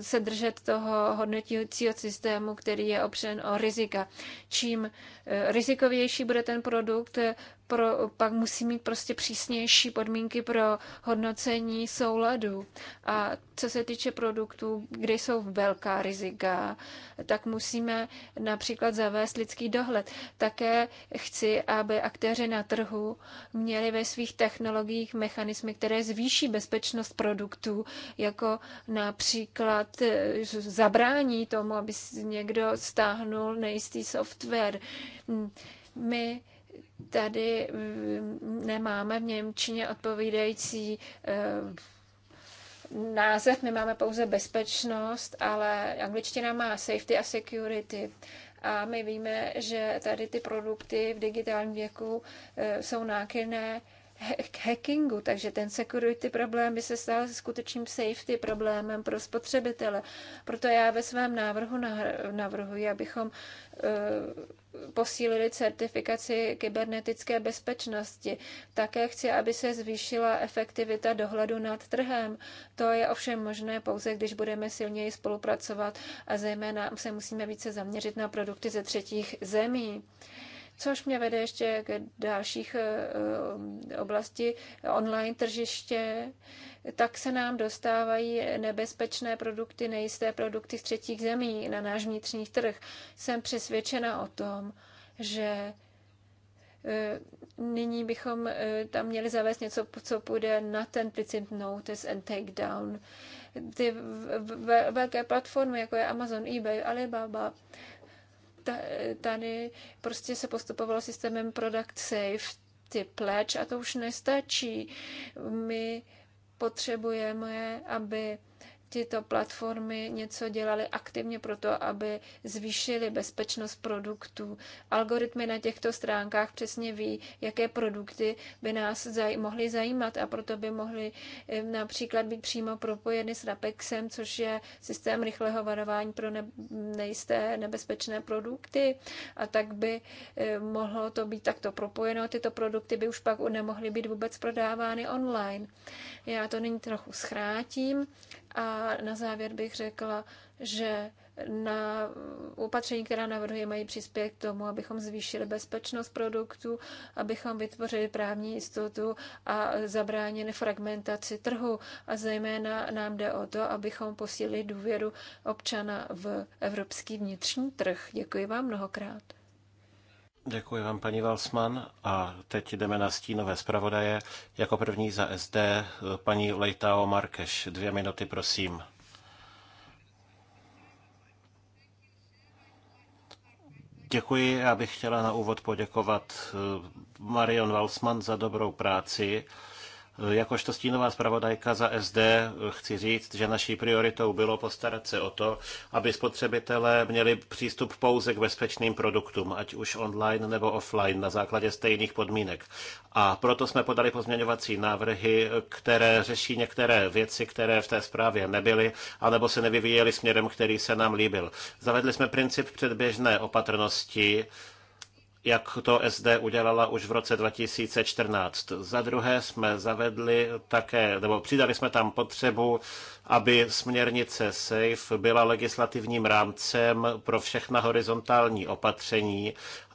se držet toho hodnotícího systému, který je opřen o rizika. Čím eh, rizikovější bude ten produkt, pro, pak musí mít prostě přísnější podmínky pro hodnocení souladu. A co se týče produktů, kde jsou velká rizika, tak musíme například zavést lidský dohled. Také chci, aby aktéři na trhu měli ve svých technologiích mechanismy, které zvýší bezpečnost produktů, jako například eh, zabrání tomu, aby někdo stáhnul nejistý software. My tady mm, nemáme v Němčině odpovídající eh, název, my máme pouze bezpečnost, ale angličtina má safety a security. A my víme, že tady ty produkty v digitálním věku eh, jsou nákylné k hackingu, takže ten security problém by se stal skutečným safety problémem pro spotřebitele. Proto já ve svém návrhu navrhuji, abychom eh, posílili certifikaci kybernetické bezpečnosti. Také chci, aby se zvýšila efektivita dohledu nad trhem. To je ovšem možné pouze, když budeme silněji spolupracovat a zejména se musíme více zaměřit na produkty ze třetích zemí. Což mě vede ještě k dalších eh, eh, oblasti online tržiště, tak se nám dostávají nebezpečné produkty, nejisté produkty z třetích zemí na náš vnitřní trh. Jsem přesvědčena o tom, že eh, nyní bychom tam měli zavést něco, co půjde na ten princip notice and take down. Ty velké platformy, jako je Amazon, eBay, Alibaba, tady prostě se postupovalo systémem product safety pledge a to už nestačí. My potřebujeme, aby tyto platformy něco dělaly aktivně pro to, aby zvýšily bezpečnost produktů. Algoritmy na těchto stránkách přesně ví, jaké produkty by nás zaj- mohly zajímat a proto by mohly eh, například být přímo propojeny s RAPEXem, což je systém rychlého varování pro ne- nejisté nebezpečné produkty a tak by eh, mohlo to být takto propojeno. Tyto produkty by už pak nemohly být vůbec prodávány online. Já to nyní trochu schrátím. A na závěr bych řekla, že na opatření, která navrhuje, mají přispět k tomu, abychom zvýšili bezpečnost produktů, abychom vytvořili právní jistotu a zabránili fragmentaci trhu. A zejména nám jde o to, abychom posílili důvěru občana v evropský vnitřní trh. Děkuji vám mnohokrát. Děkuji vám, paní Valsman. A teď jdeme na stínové zpravodaje. Jako první za SD paní Lejtao Markeš. Dvě minuty, prosím. Děkuji. Já bych chtěla na úvod poděkovat eh, Marion Valsman za dobrou práci. Jakožto stínová zpravodajka za SD chci říct, že naší prioritou bylo postarat se o to, aby spotřebitelé měli přístup pouze k bezpečným produktům, ať už online nebo offline, na základě stejných podmínek. A proto jsme podali pozměňovací návrhy, které řeší některé věci, které v té zprávě nebyly, anebo se nevyvíjely směrem, který se nám líbil. Zavedli jsme princip předběžné opatrnosti, jak to SD udělala už v roce 2014. Za druhé jsme zavedli také, nebo přidali jsme tam potřebu, aby směrnice SAFE byla legislativním rámcem pro všechna horizontální opatření,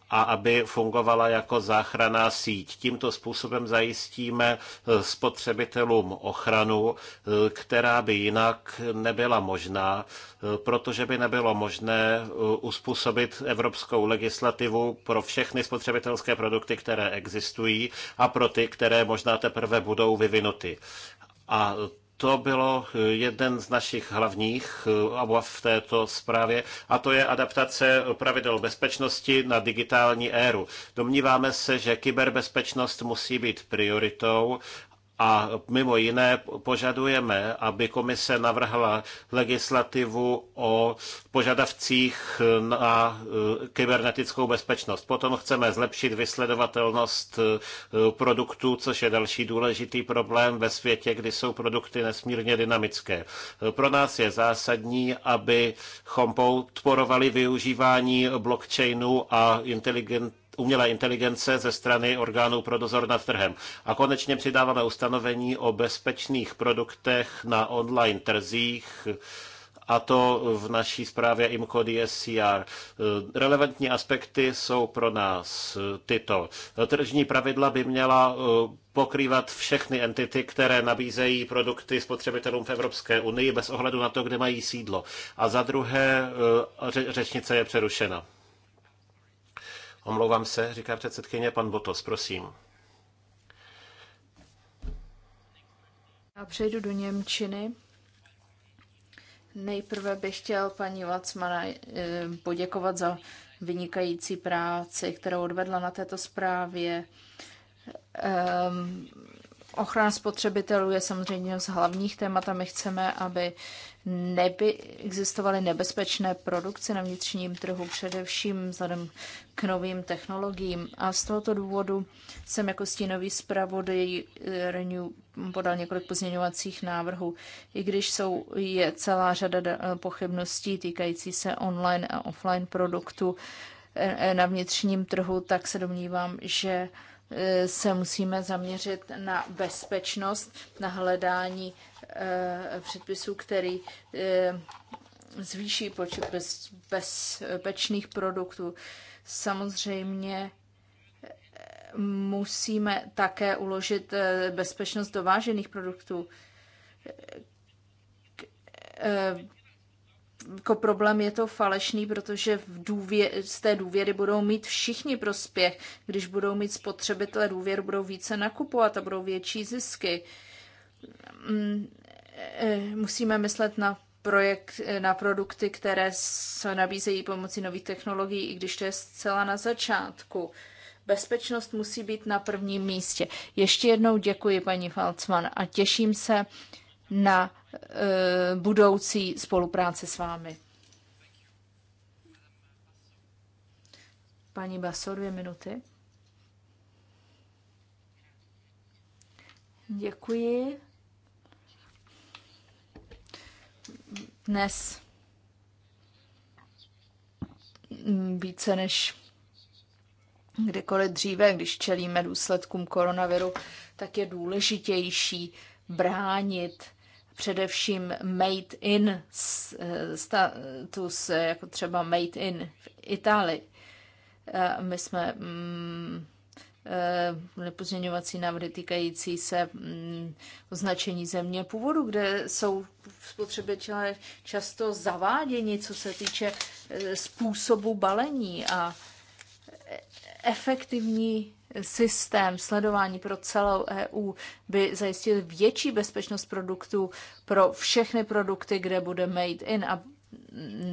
a aby fungovala jako záchranná síť. Tímto způsobem zajistíme eh, spotřebitelům ochranu, eh, která by jinak nebyla možná, eh, protože by nebylo možné uspůsobit evropskou legislativu pro všechny spotřebitelské produkty, které existují a pro ty, které možná teprve budou vyvinuty. A to bylo eh, jeden z našich hlavních eh, obav v této zprávě, a to je adaptace pravidel bezpečnosti na digitální éru. Domníváme se, že kyberbezpečnost musí být prioritou a mimo jiné požadujeme, aby komise navrhla legislativu o požadavcích na e, kybernetickou bezpečnost. Potom chceme zlepšit vysledovatelnost e, produktů, což je další důležitý problém ve světě, kdy jsou produkty nesmírně dynamické. E, pro nás je zásadní, abychom podporovali využívání blockchainu a inteligent umělé inteligence ze strany orgánů pro dozor nad trhem. A konečně přidáváme ustanovení o bezpečných produktech na online trzích, a to v naší zprávě IMCO DSCR. Relevantní aspekty jsou pro nás tyto. Tržní pravidla by měla eh, pokrývat všechny entity, které nabízejí produkty spotřebitelům v Evropské unii bez ohledu na to, kde mají sídlo. A za druhé, eh, řečnice je přerušena. Omlouvám se, říká předsedkyně, pan Botos, prosím. A přejdu do Němčiny. Nejprve bych chtěl paní Lacmana eh, poděkovat za vynikající práci, kterou odvedla na této zprávě. Ehm, ochrana spotřebitelů je samozřejmě z hlavních témat a my chceme, aby neby existovaly nebezpečné produkce na vnitřním trhu, především vzhledem k novým technologiím. A z tohoto důvodu jsem jako stínový zpravodaj eh, Renew podal několik pozměňovacích návrhů, i když jsou, je celá řada eh, pochybností týkající se online a offline produktu eh, na vnitřním trhu, tak se domnívám, že se musíme zaměřit na bezpečnost, na hledání Eh, předpisů, který eh, zvýší počet bez, bezpečných produktů. Samozřejmě eh, musíme také uložit bezpečnost dovážených produktů. Jako problém je to falešný, protože v důvě, z té důvěry budou mít všichni prospěch. Když budou mít spotřebitelé důvěru, budou více nakupovat a budou větší zisky. Uh, Mm, eh, musíme myslet na projekt, eh, na produkty, které se nabízejí pomocí nových technologií, i když to je zcela na začátku. Bezpečnost musí být na prvním místě. Ještě jednou děkuji, paní Falcman, a těším se na uh, budoucí spolupráci s vámi. Paní Baso, dvě minuty. Děkuji. dnes více než kdykoliv dříve, když čelíme důsledkům koronaviru, tak je důležitější bránit především made in eh, status, jako třeba made in v Itálii. Eh, my jsme mm, Eh, pozměňovací návrhy týkající se mm, označení země původu, kde jsou spotřebitelé často zaváděni, co se týče eh, způsobu balení a eh, efektivní systém sledování pro celou EU by zajistil větší bezpečnost produktů pro všechny produkty, kde bude made in a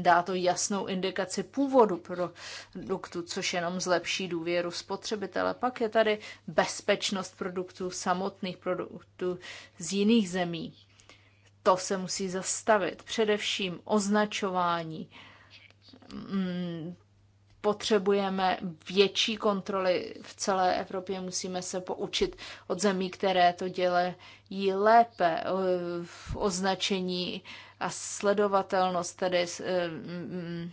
dá to jasnou indikaci původu produktu, což jenom zlepší důvěru spotřebitele. Pak je tady bezpečnost produktů, samotných produktů z jiných zemí. To se musí zastavit. Především označování. Mm, potřebujeme větší kontroly v celé Evropě. Musíme se poučit od zemí, které to dělají lépe. Eh, označení a sledovatelnost tedy eh, mm,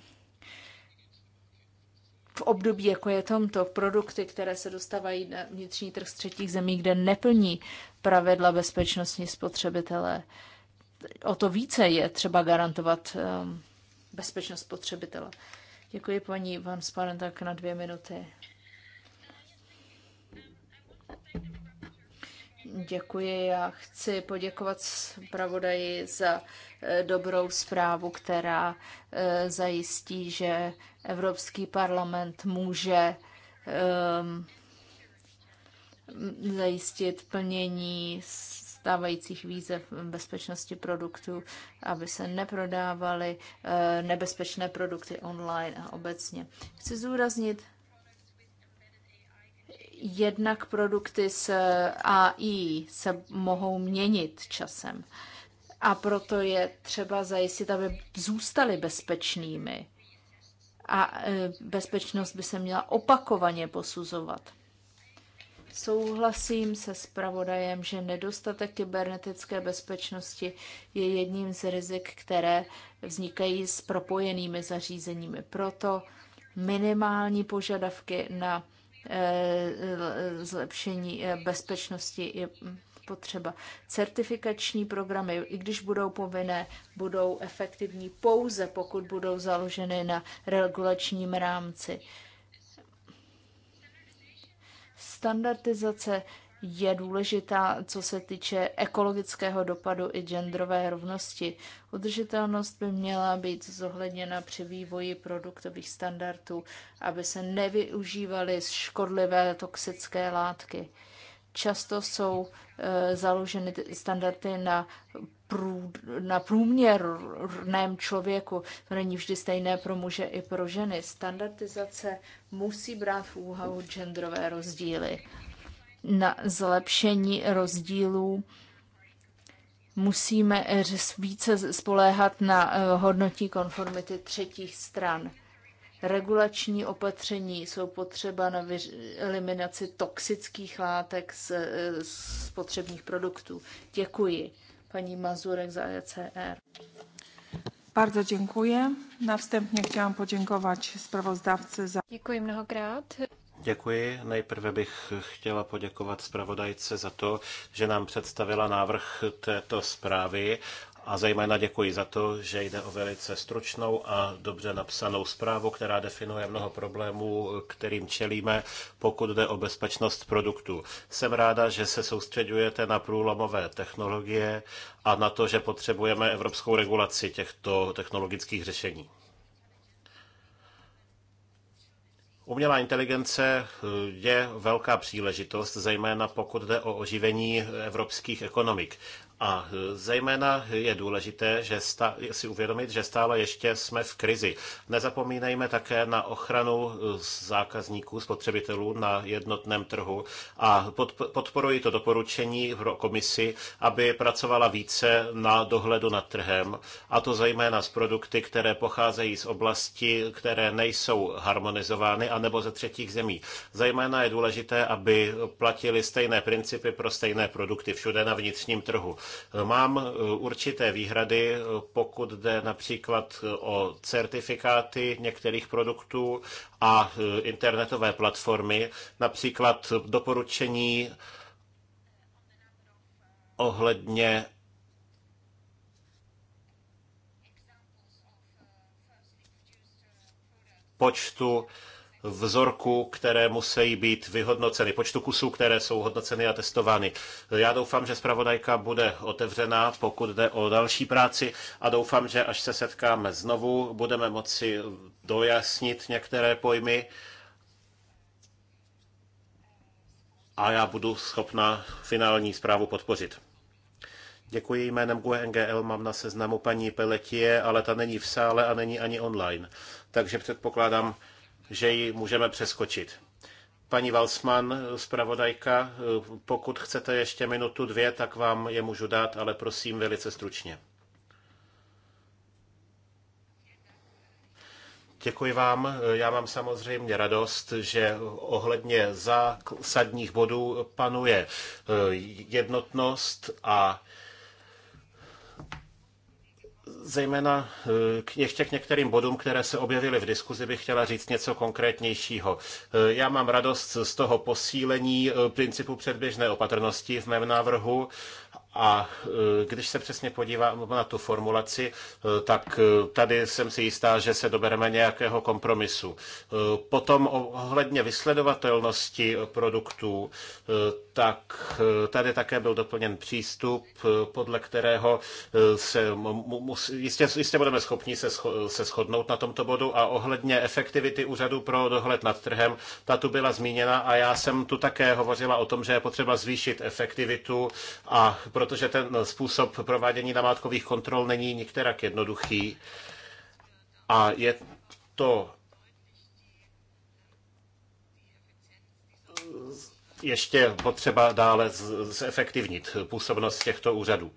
v období, jako je tomto, produkty, které se dostávají na vnitřní trh z třetích zemí, kde neplní pravidla bezpečnostní spotřebitelé. O to více je třeba garantovat eh, bezpečnost spotřebitele. Děkuji paní Van tak na dvě minuty. Děkuji. Já chci poděkovat zpravodaji za eh, dobrou zprávu, která eh, zajistí, že Evropský parlament může ehm, zajistit plnění stávajících výzev bezpečnosti produktů, aby se neprodávaly eh, nebezpečné produkty online a obecně. Chci zúraznit jednak produkty s AI se mohou měnit časem. A proto je třeba zajistit, aby zůstaly bezpečnými. A e, bezpečnost by se měla opakovaně posuzovat. Souhlasím se pravodajem, že nedostatek kybernetické bezpečnosti je jedním z rizik, které vznikají s propojenými zařízeními. Proto minimální požadavky na Eh, zlepšení eh, bezpečnosti je potřeba. Certifikační programy, i když budou povinné, budou efektivní pouze, pokud budou založeny na regulačním rámci. Standardizace je důležitá, co se týče ekologického dopadu i genderové rovnosti. Udržitelnost by měla být zohledněna při vývoji produktových standardů, aby se nevyužívaly škodlivé toxické látky. Často jsou e, založeny standardy na, prů, na průměrném člověku. To není vždy stejné pro muže i pro ženy. Standardizace musí brát v úvahu genderové rozdíly na zlepšení rozdílů. Musíme více spoléhat na eh, hodnotí konformity třetích stran. Regulační opatření jsou potřeba na eliminaci toxických látek eh, z spotřebních produktů. Děkuji, paní Mazurek za ECR. Bardzo dziękuję. Na wstępnie chciałam podziękować sprawozdawcy za. Dziękuję mnohokrát. Děkuji. Nejprve bych chtěla poděkovat zpravodajce za to, že nám představila návrh této zprávy a zejména děkuji za to, že jde o velice stručnou a dobře napsanou zprávu, která definuje mnoho problémů, kterým čelíme, pokud jde o bezpečnost produktů. Jsem ráda, že se soustředujete na průlomové technologie a na to, že potřebujeme evropskou regulaci těchto technologických řešení. Umělá inteligence eh, je velká příležitost, zejména pokud jde o oživení evropských ekonomik. A eh, zejména je důležité že sta- si uvědomit, že stále ještě jsme v krizi. Nezapomínejme také na ochranu eh, zákazníků, spotřebitelů na jednotném trhu a pod- podporuji to doporučení v komisi, aby pracovala více na dohledu nad trhem, a to zejména s produkty, které pocházejí z oblasti, které nejsou harmonizovány, anebo ze třetích zemí. Zejména je důležité, aby platili stejné principy pro stejné produkty všude na vnitřním trhu. Mám eh, určité výhrady, eh, pokud jde například eh, o certifikáty některých produktů a internetové platformy, například doporučení ohledně počtu vzorků, které musí být vyhodnoceny, počtu kusů, které jsou hodnoceny a testovány. Já doufám, že zpravodajka bude otevřená, pokud jde o další práci a doufám, že až se setkáme znovu, budeme moci dojasnit některé pojmy a já budu schopna finální zprávu podpořit. Děkuji jménem GUNGL, e mám na seznamu paní Peletie, ale ta není v sále a není ani online. Takže předpokládám, že ji můžeme přeskočit. Paní Valsman, zpravodajka, pokud chcete ještě minutu dvě, tak vám je můžu dát, ale prosím velice stručně. Děkuji vám. Já mám samozřejmě radost, že ohledně zásadních bodů panuje jednotnost a Zejména eh, k, ještě k některým bodům, které se objevily v diskuzi, bych chtěla říct něco konkrétnějšího. Eh, já mám radost z toho posílení eh, principu předběžné opatrnosti v mém návrhu a když se přesně podívám na tu formulaci, tak tady jsem si jistá, že se dobereme nějakého kompromisu. Potom ohledně vysledovatelnosti produktů, tak eh, tady také byl doplněn přístup, eh, podle kterého eh, se jistě, jistě budeme schopni se, se shodnout na tomto bodu a ohledně efektivity úřadu pro dohled nad trhem, ta tu byla zmíněna a já jsem tu také hovořila o tom, že je potřeba zvýšit efektivitu a protože ten způsob provádění namátkových kontrol není nikterak jednoduchý a je to ještě potřeba dále zefektivnit působnost těchto úřadů.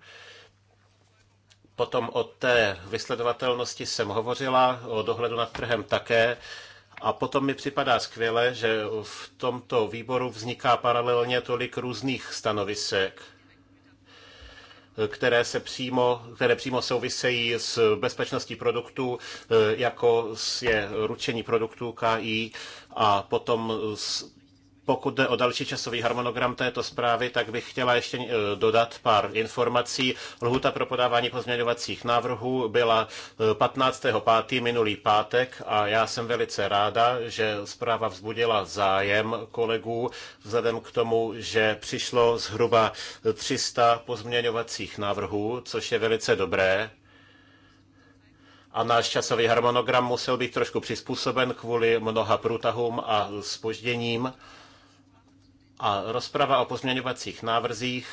Potom o té vysledovatelnosti jsem hovořila, o dohledu nad trhem také. A potom mi připadá skvěle, že v tomto výboru vzniká paralelně tolik různých stanovisek, které, se přímo, které přímo souvisejí s bezpečností produktů, jako je ručení produktů KI a potom s pokud jde o další časový harmonogram této zprávy, tak bych chtěla ještě eh, dodat pár informací. Lhuta pro podávání pozměňovacích návrhů byla 15.5. Eh, minulý pátek a já jsem velice ráda, že zpráva vzbudila zájem kolegů vzhledem k tomu, že přišlo zhruba 300 eh, pozměňovacích návrhů, což je velice dobré a náš časový harmonogram musel být trošku přizpůsoben kvůli mnoha průtahům a spožděním. A rozprava o pozměňovacích návrzích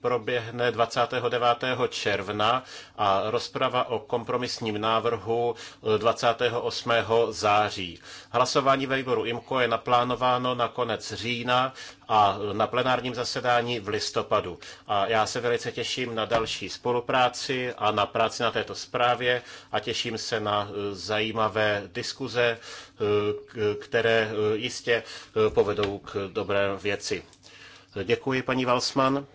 proběhne 29. června a rozprava o kompromisním návrhu 28. září. Hlasování ve výboru IMKO je naplánováno na konec října a na plenárním zasedání v listopadu. A já se velice těším na další spolupráci a na práci na této zprávě a těším se na e, zajímavé diskuze, e, které e, jistě povedou k dobré věci. Děkuji, paní Valsman.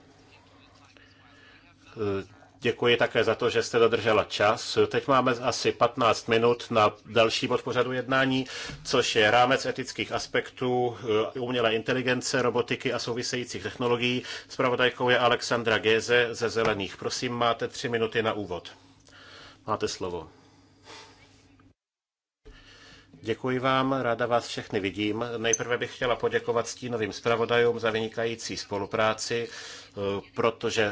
Děkuji také za to, že jste dodržela čas. Teď máme asi 15 minut na další bod pořadu jednání, což je rámec etických aspektů e, umělé inteligence, robotiky a souvisejících technologií. Spravodajkou je Alexandra Géze ze Zelených. Prosím, máte tři minuty na úvod. Máte slovo. Děkuji vám, ráda vás všechny vidím. Nejprve bych chtěla poděkovat stínovým zpravodajům za vynikající spolupráci protože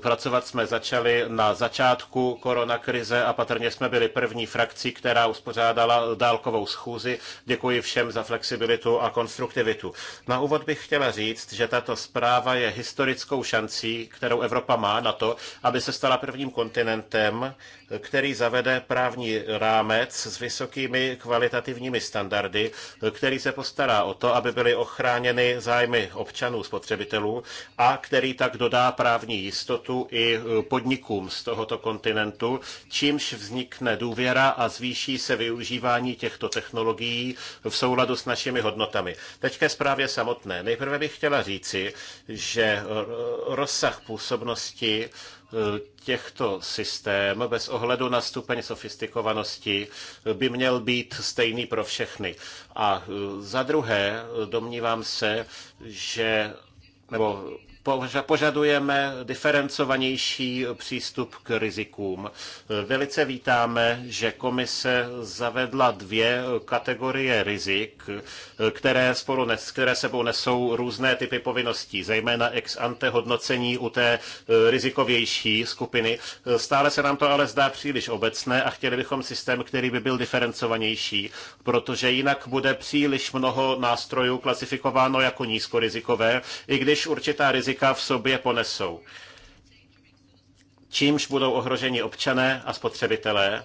pracovat jsme začali na začátku koronakrize a patrně jsme byli první frakcí, která uspořádala dálkovou schůzi. Děkuji všem za flexibilitu a konstruktivitu. Na úvod bych chtěla říct, že tato zpráva je historickou šancí, kterou Evropa má na to, aby se stala prvním kontinentem, který zavede právní rámec s vysokými kvalitativními standardy, který se postará o to, aby byly ochráněny zájmy občanů, spotřebitelů a který tak dodá právní jistotu i e, podnikům z tohoto kontinentu, čímž vznikne důvěra a zvýší se využívání těchto technologií v souladu s našimi hodnotami. Teď ke zprávě samotné. Nejprve bych chtěla říci, že e, e, rozsah působnosti těchto systém bez ohledu na stupeň sofistikovanosti by měl být stejný pro všechny. A za druhé, domnívám se, že nebo Požadujeme diferencovanější přístup k rizikům. Velice vítáme, že komise zavedla dvě kategorie rizik, které, spolu nes, které sebou nesou různé typy povinností, zejména ex ante hodnocení u té e, rizikovější skupiny. Stále se nám to ale zdá příliš obecné a chtěli bychom systém, který by byl diferencovanější, protože jinak bude příliš mnoho nástrojů klasifikováno jako nízkorizikové, i když určitá rizika rizika v sobě ponesou, čímž budou ohroženi občané a spotřebitelé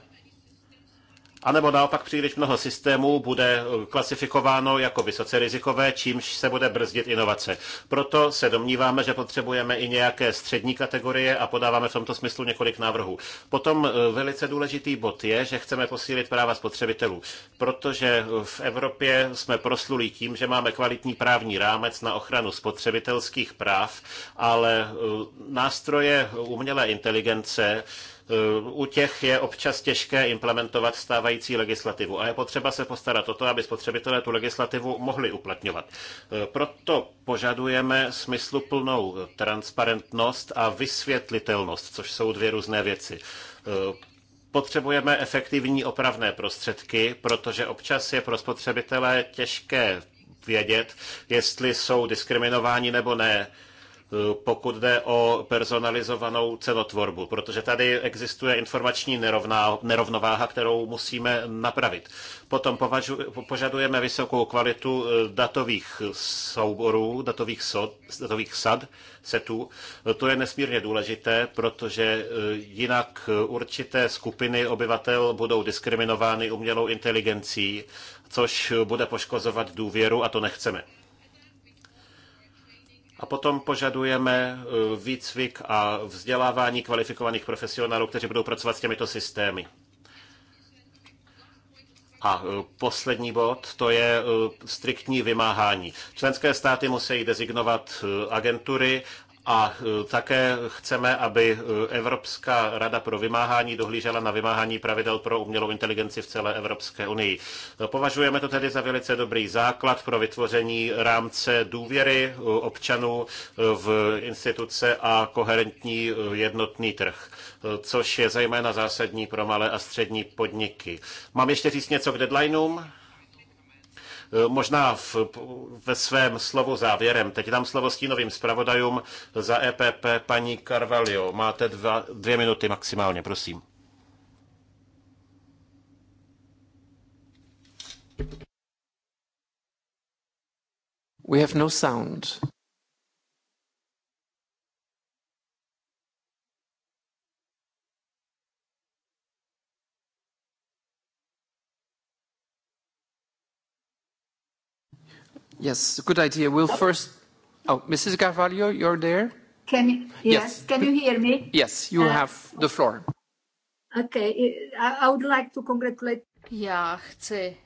anebo naopak příliš mnoho systémů bude eh, klasifikováno jako vysoce rizikové, čímž se bude brzdit inovace. Proto se domníváme, že potřebujeme i nějaké střední kategorie a podáváme v tomto smyslu několik návrhů. Potom eh, velice důležitý bod je, že chceme posílit práva spotřebitelů, protože eh, v Evropě jsme proslulí tím, že máme kvalitní právní rámec na ochranu spotřebitelských práv, ale nástroje umělé inteligence, u těch je občas těžké implementovat stávající legislativu a je potřeba se postarat o to, aby spotřebitelé tu legislativu mohli uplatňovat. Proto požadujeme smysluplnou transparentnost a vysvětlitelnost, což jsou dvě různé věci. Potřebujeme efektivní opravné prostředky, protože občas je pro spotřebitele těžké vědět, jestli jsou diskriminováni nebo ne pokud jde o personalizovanou cenotvorbu, protože tady existuje informační nerovná, nerovnováha, kterou musíme napravit. Potom považu, požadujeme vysokou kvalitu eh, datových souborů, datových, so, datových sad, setů. To je nesmírně důležité, protože eh, jinak eh, určité skupiny obyvatel budou diskriminovány umělou inteligencí, což bude poškozovat důvěru a to nechceme. A potom požadujeme eh, výcvik a vzdělávání kvalifikovaných profesionálů, kteří budou pracovat s těmito systémy. A eh, poslední bod, to je eh, striktní vymáhání. Členské státy musí dezignovat agentury a e, také chceme, aby e, Evropská rada pro vymáhání dohlížela na vymáhání pravidel pro umělou inteligenci v celé Evropské unii. E, považujeme to tedy za velice dobrý základ pro vytvoření rámce důvěry občanů v instituce a koherentní jednotný trh což je zejména zásadní pro malé a střední podniky. Mám ještě říct něco k deadlineům? Eh, možná v, ve svém slovu závěrem. Teď dám slovo stínovým zpravodajům za EPP paní Carvalho. Máte dva, dvě minuty maximálně, prosím. We have no sound. Yes, good idea. We'll first... Oh, Mrs. Carvalho, you're there? Can you, yes. yes. Can you hear me? Yes, you uh, have the floor. Okay, I would like to congratulate... Já chci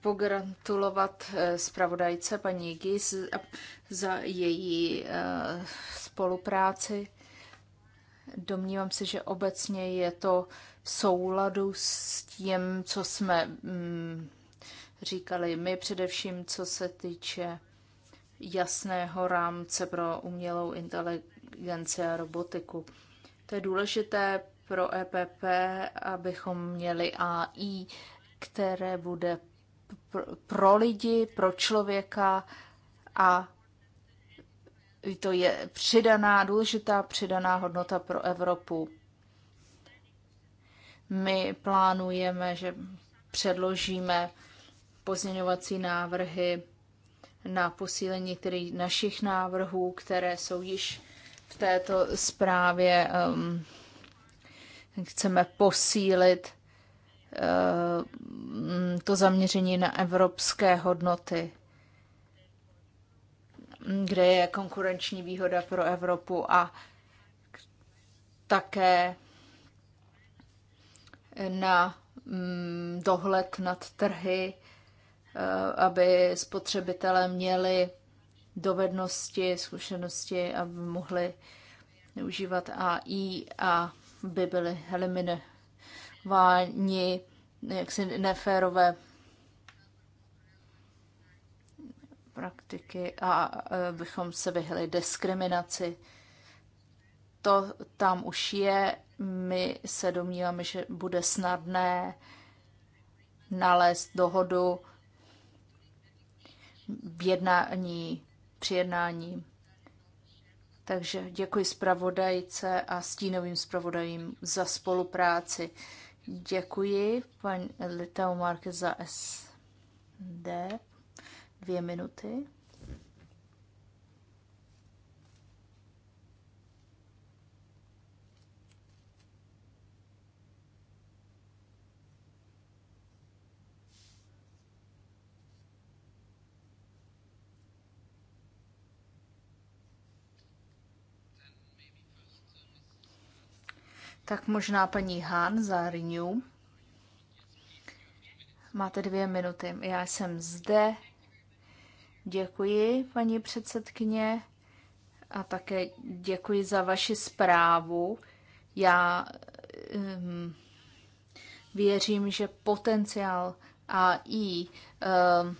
pogratulovat eh, zpravodajce paní Gis za její eh, spolupráci. Domnívám se, že obecně je to v souladu s tím, co jsme mm, říkali my, především co se týče jasného rámce pro umělou inteligenci a robotiku. To je důležité pro EPP, abychom měli AI, které bude pro lidi, pro člověka a to je přidaná, důležitá přidaná hodnota pro Evropu. My plánujeme, že předložíme pozměňovací návrhy na posílení některých našich návrhů, které jsou již v této zprávě. Um, chceme posílit uh, to zaměření na evropské hodnoty, kde je konkurenční výhoda pro Evropu a také na mm, dohled nad trhy Eh, aby spotřebitelé měli dovednosti, zkušenosti a mohli využívat AI a by byly eliminováni jaksi neférové praktiky a eh, bychom se vyhli diskriminaci. To tam už je. My se domníváme, že bude snadné nalézt dohodu v jednání, při jednání. Takže děkuji zpravodajce a stínovým zpravodajím za spolupráci. Děkuji paní Litau Marke za SD. Dvě minuty. Tak možná paní Han za Renew. Máte dvě minuty. Já jsem zde. Děkuji, paní předsedkyně, a také děkuji za vaši zprávu. Já um, věřím, že potenciál AI um, ehm,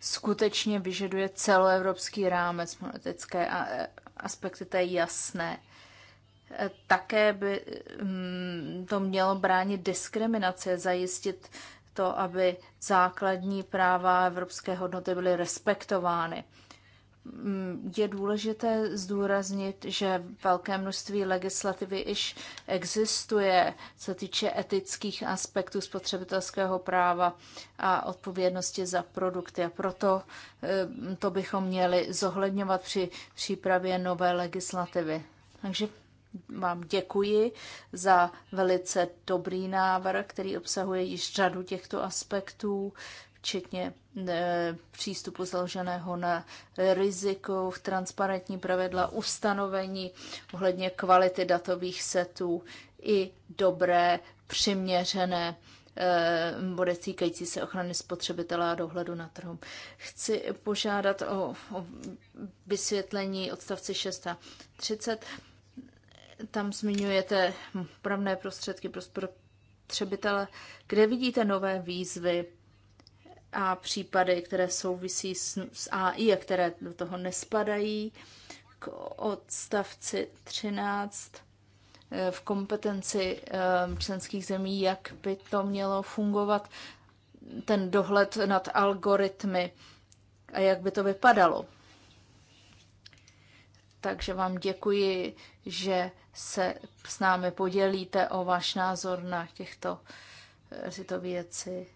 skutečně vyžaduje celoevropský rámec politické a e, aspekty, to je jasné. Také by mm, to mělo bránit diskriminace, zajistit to, aby základní práva evropské hodnoty byly respektovány. Mm, je důležité zdůraznit, že velké množství legislativy již existuje, co týče etických aspektů spotřebitelského práva a odpovědnosti za produkty. A proto mm, to bychom měli zohledňovat při přípravě nové legislativy. Takže vám děkuji za velice dobrý návrh, který obsahuje již řadu těchto aspektů, včetně e, přístupu založeného na riziku, transparentní pravidla, ustanovení ohledně kvality datových setů i dobré, přiměřené bude týkající se ochrany spotřebitele a dohledu na trhu. Chci požádat o, o vysvětlení odstavce 630 tam zmiňujete pravné prostředky pro spotřebitele. Kde vidíte nové výzvy a případy, které souvisí s, AI a které do toho nespadají? K odstavci 13 eh, v kompetenci eh, členských zemí, jak by to mělo fungovat, ten dohled nad algoritmy a jak by to vypadalo. Takže vám děkuji, že se s námi podělíte o váš názor na těchto eh, tyto věci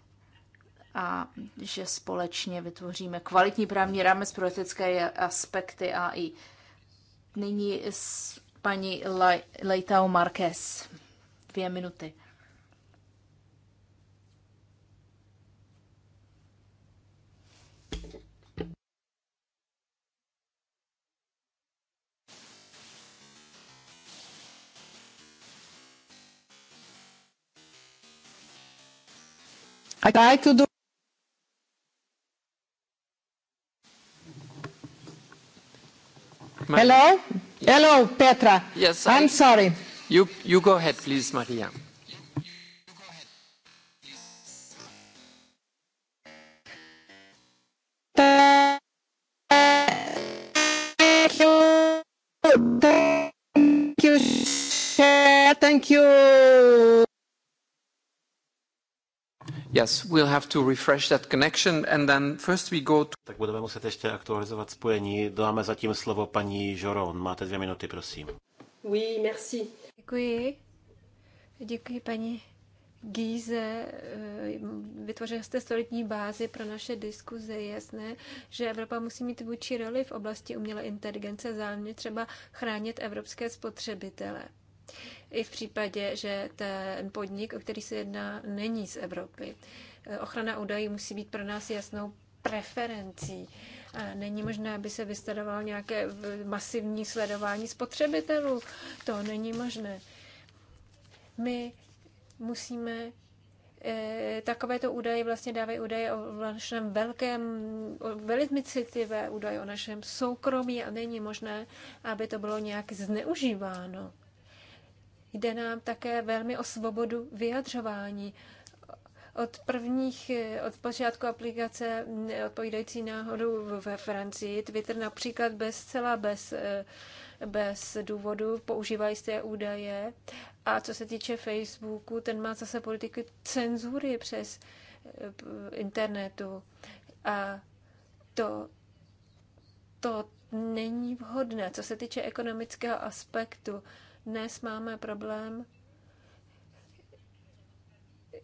a že společně vytvoříme kvalitní právní rámec pro etické aspekty a i Nyní s paní Leitao Marquez. Dvě minuty. Tak to do Hello? Hello, Petra. Yes. I'm sorry. You, you go ahead, please, Maria. Thank you. Thank you. Thank you. Yes, we'll have to refresh that connection and then first we go to... Tak budeme muset ještě aktualizovat spojení. Dáme zatím slovo paní Žoron. Máte dvě minuty, prosím. Oui, merci. Děkuji. Děkuji paní Gíze, eh, vytvořil jste stolitní bázi pro naše diskuze. Je jasné, že Evropa musí mít vůči roli v oblasti umělé inteligence, zároveň třeba chránit evropské spotřebitele. I v případě, že ten podnik, o který se jedná, není z Evropy. Ochrana údajů musí být pro nás jasnou preferencí. A není možné, aby se vystadoval nějaké masivní sledování spotřebitelů. To není možné. My musíme e, takovéto údaje vlastně dávají údaje o našem velkém, o velmi citlivé údaje o našem soukromí a není možné, aby to bylo nějak zneužíváno. Jde nám také velmi o svobodu vyjadřování. Od prvních, od počátku aplikace odpovídající náhodou ve Francii, Twitter například bez, zcela bez, eh, bez důvodu používají jisté údaje. A co se týče Facebooku, ten má zase politiky cenzury přes eh, internetu. A to, to není vhodné. Co se týče ekonomického aspektu, dnes máme problém.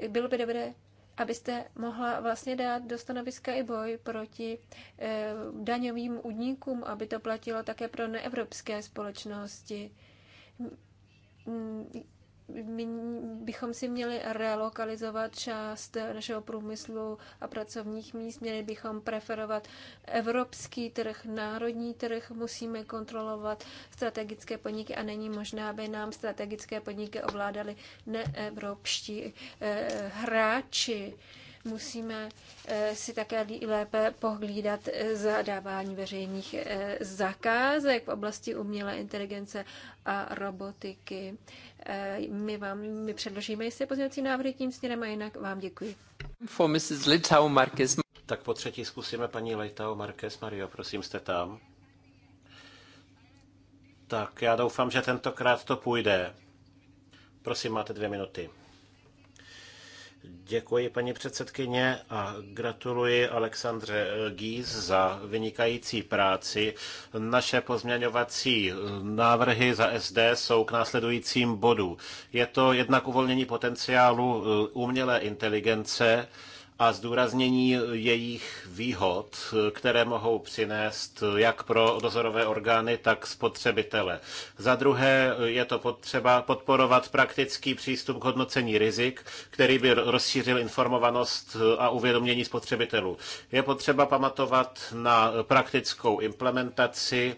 Bylo by dobré, abyste mohla vlastně dát do stanoviska i boj proti eh, daňovým údníkům, aby to platilo také pro neevropské společnosti bychom si měli relokalizovat část našeho průmyslu a pracovních míst, měli bychom preferovat evropský trh, národní trh, musíme kontrolovat strategické podniky a není možné, aby nám strategické podniky ovládali neevropští eh, hráči. Musíme eh, si také lépe pohlídat eh, zadávání veřejných eh, zakázek v oblasti umělé inteligence a robotiky. My vám my předložíme jistě pozměňovací návrhy tím směrem a jinak vám děkuji. For Mrs. Litau Marquez. Tak po třetí zkusíme paní Litau Marquez. Mario, prosím, jste tam. Tak já doufám, že tentokrát to půjde. Prosím, máte dvě minuty. Děkuji, paní předsedkyně, a gratuluji Alexandře eh, Gíz za vynikající práci. Naše pozměňovací eh, návrhy za SD jsou k následujícím bodu. Je to jednak uvolnění potenciálu eh, umělé inteligence, a zdůraznění jejich výhod, které mohou přinést jak pro dozorové orgány, tak spotřebitele. Za druhé je to potřeba podporovat praktický přístup k hodnocení rizik, který by rozšířil informovanost a uvědomění spotřebitelů. Je potřeba pamatovat na praktickou implementaci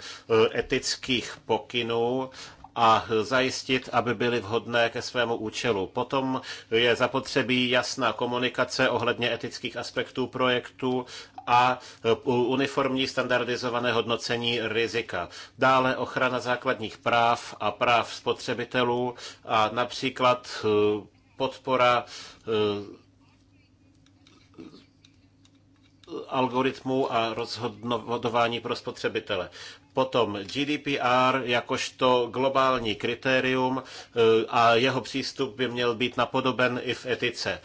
eh, etických pokynů a zajistit, aby byly vhodné ke svému účelu. Potom je zapotřebí jasná komunikace ohledně etických aspektů projektu a uniformní standardizované hodnocení rizika. Dále ochrana základních práv a práv spotřebitelů a například eh, podpora eh, algoritmů a rozhodování pro spotřebitele. Potom GDPR jakožto globální kritérium e, a jeho přístup by měl být napodoben i v etice.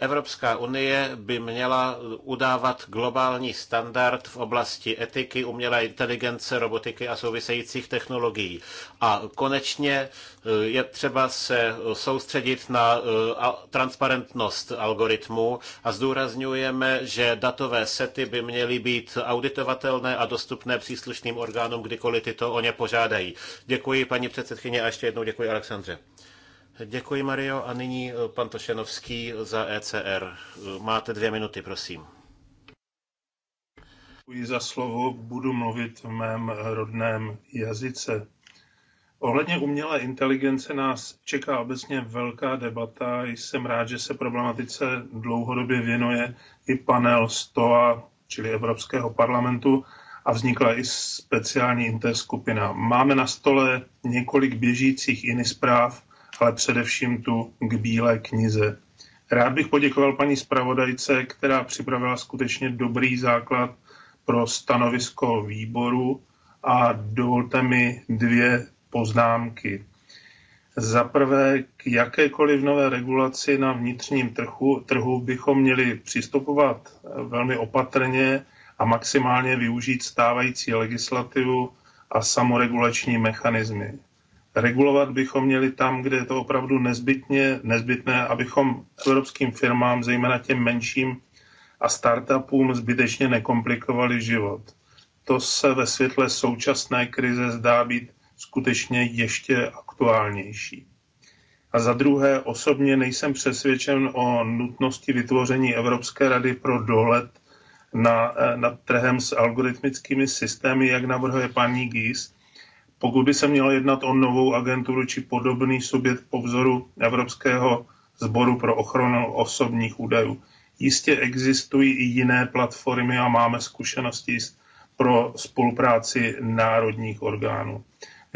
Evropská unie by měla udávat globální standard v oblasti etiky, umělé inteligence, robotiky a souvisejících technologií. A konečně eh, je třeba se soustředit na eh, transparentnost algoritmů a zdůrazňujeme, že datové sety by měly být auditovatelné a dostupné příslušným orgánům, kdykoliv tyto o ně požádají. Děkuji paní předsedkyně a ještě jednou děkuji Alexandře. Děkuji, Mario. A nyní eh, pan Tošenovský za ECR. Eh, máte dvě minuty, prosím. Děkuji za slovo. Budu mluvit v mém eh, rodném jazyce. Ohledně umělé inteligence nás čeká obecně velká debata. Jsem rád, že se problematice dlouhodobě věnuje i panel STOA, čili Evropského parlamentu, a vznikla i speciální interskupina. Máme na stole několik běžících jiných zpráv, ale především tu k Bílé knize. Rád bych poděkoval paní zpravodajce, která připravila skutečně dobrý základ pro stanovisko výboru a dovolte mi dvě poznámky. Za prvé, k jakékoliv nové regulaci na vnitřním trhu, trhu bychom měli přistupovat velmi opatrně a maximálně využít stávající legislativu a samoregulační mechanismy regulovat bychom měli tam, kde je to opravdu nezbytně, nezbytné, abychom evropským firmám, zejména těm menším a startupům, zbytečně nekomplikovali život. To se ve světle současné krize zdá být skutečně ještě aktuálnější. A za druhé, osobně nejsem přesvědčen o nutnosti vytvoření Evropské rady pro dohled na, eh, nad trhem s algoritmickými systémy, jak navrhuje paní Gies, pokud by se mělo jednat o novou agenturu či podobný subjekt po vzoru Evropského sboru pro ochranu osobních údajů. Jistě existují i jiné platformy a máme zkušenosti pro spolupráci národních orgánů.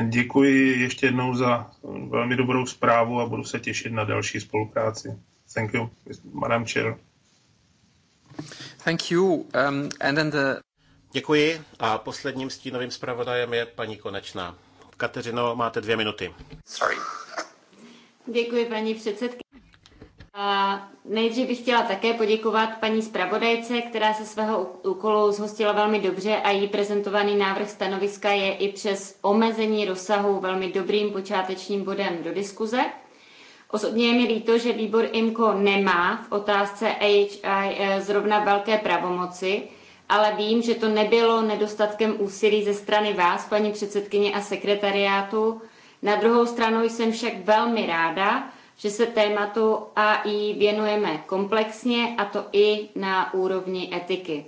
Děkuji ještě jednou za velmi dobrou zprávu a budu se těšit na další spolupráci. Thank you, Madam Chair. Thank you. Um, and then the Děkuji a posledním stínovým zpravodajem je paní Konečná. Kateřino, máte dvě minuty. Sorry. Děkuji, paní předsedky. A nejdřív bych chtěla také poděkovat paní zpravodajce, která se svého úkolu zhostila velmi dobře a její prezentovaný návrh stanoviska je i přes omezení rozsahu velmi dobrým počátečním bodem do diskuze. Osobně je mi líto, že výbor IMCO nemá v otázce AHI eh, zrovna velké pravomoci, ale vím, že to nebylo nedostatkem úsilí ze strany vás, paní předsedkyně a sekretariátu. Na druhou stranu jsem však velmi ráda, že se tématu AI věnujeme komplexně a to i na úrovni etiky.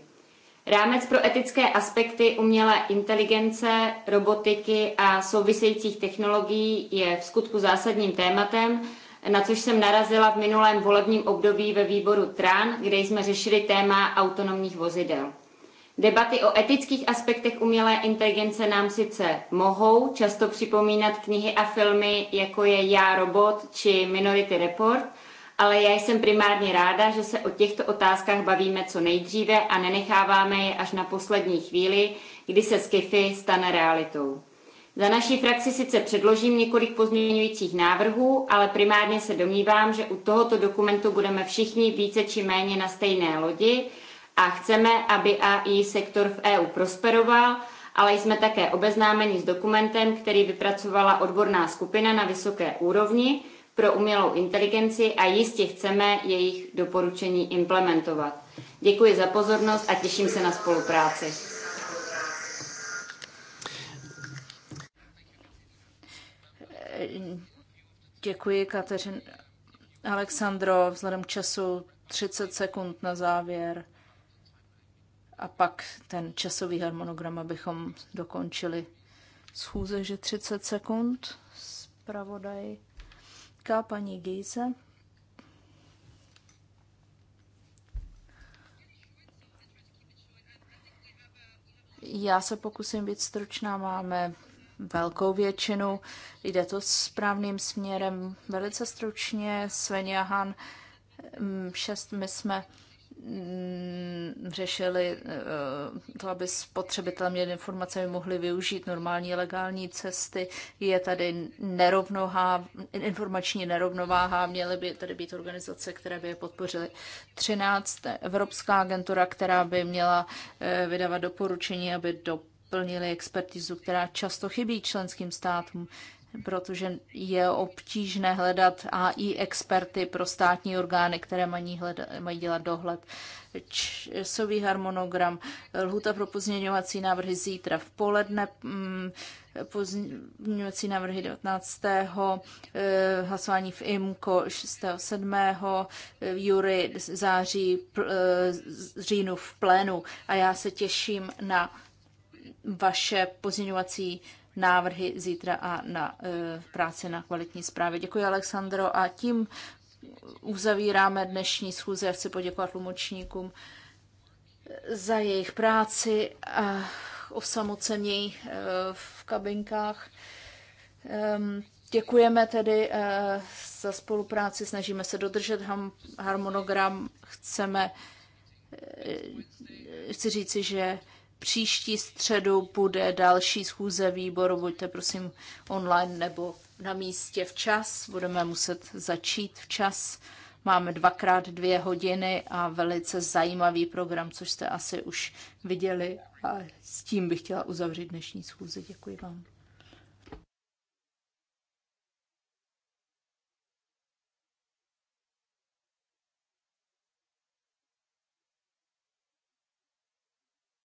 Rámec pro etické aspekty umělé inteligence, robotiky a souvisejících technologií je v skutku zásadním tématem, na což jsem narazila v minulém volebním období ve výboru TRAN, kde jsme řešili téma autonomních vozidel. Debaty o etických aspektech umělé inteligence nám sice mohou často připomínat knihy a filmy, jako je Já robot či Minority Report, ale já jsem primárně ráda, že se o těchto otázkách bavíme co nejdříve a nenecháváme je až na poslední chvíli, kdy se sci-fi stane realitou. Za naší frakci sice předložím několik pozměňujících návrhů, ale primárně se domnívám, že u tohoto dokumentu budeme všichni více či méně na stejné lodi – a chceme, aby AI sektor v EU prosperoval, ale jsme také obeznámeni s dokumentem, který vypracovala odborná skupina na vysoké úrovni pro umělou inteligenci a jistě chceme jejich doporučení implementovat. Děkuji za pozornost a těším se na spolupráci. Děkuji, Kateřin. Alexandro, vzhledem k času 30 sekund na závěr a pak ten časový harmonogram, abychom dokončili schůze, že 30 sekund. Zpravodajka paní Gejze. Já se pokusím být stručná, máme velkou většinu, jde to správným směrem. Velice stručně, Svenja Han, mm, šest, my jsme Mm, řešili eh, to, aby spotřebitelé měli informace, aby mohli využít normální legální cesty. Je tady nerovnoha, informační nerovnováha, měly by tady být organizace, které by je podpořily. 13. Evropská agentura, která by měla eh, vydávat doporučení, aby doplnili expertizu, která často chybí členským státům protože je obtížné hledat AI experty pro státní orgány, které mají, hledat, mají dělat dohled. Časový harmonogram, lhuta pro pozměňovací návrhy zítra v poledne, mm, pozměňovací návrhy 19. Eh, hlasování v IMKO 6. 7. Eh, jury září eh, říjnu v plénu a já se těším na vaše pozměňovací návrhy zítra a na e, práci na kvalitní zprávě. Děkuji, Alexandro. A tím uzavíráme dnešní schůzi. Já chci poděkovat tlumočníkům za jejich práci a osamocení e, v kabinkách. Děkujeme tedy e, za spolupráci, snažíme se dodržet harmonogram, chceme, chci říci, že Příští středu bude další schůze výboru, buďte prosím online nebo na místě včas, budeme muset začít včas. Máme dvakrát dvě hodiny a velice zajímavý program, což jste asi už viděli. A s tím bych chtěla uzavřít dnešní schůzi. Děkuji vám.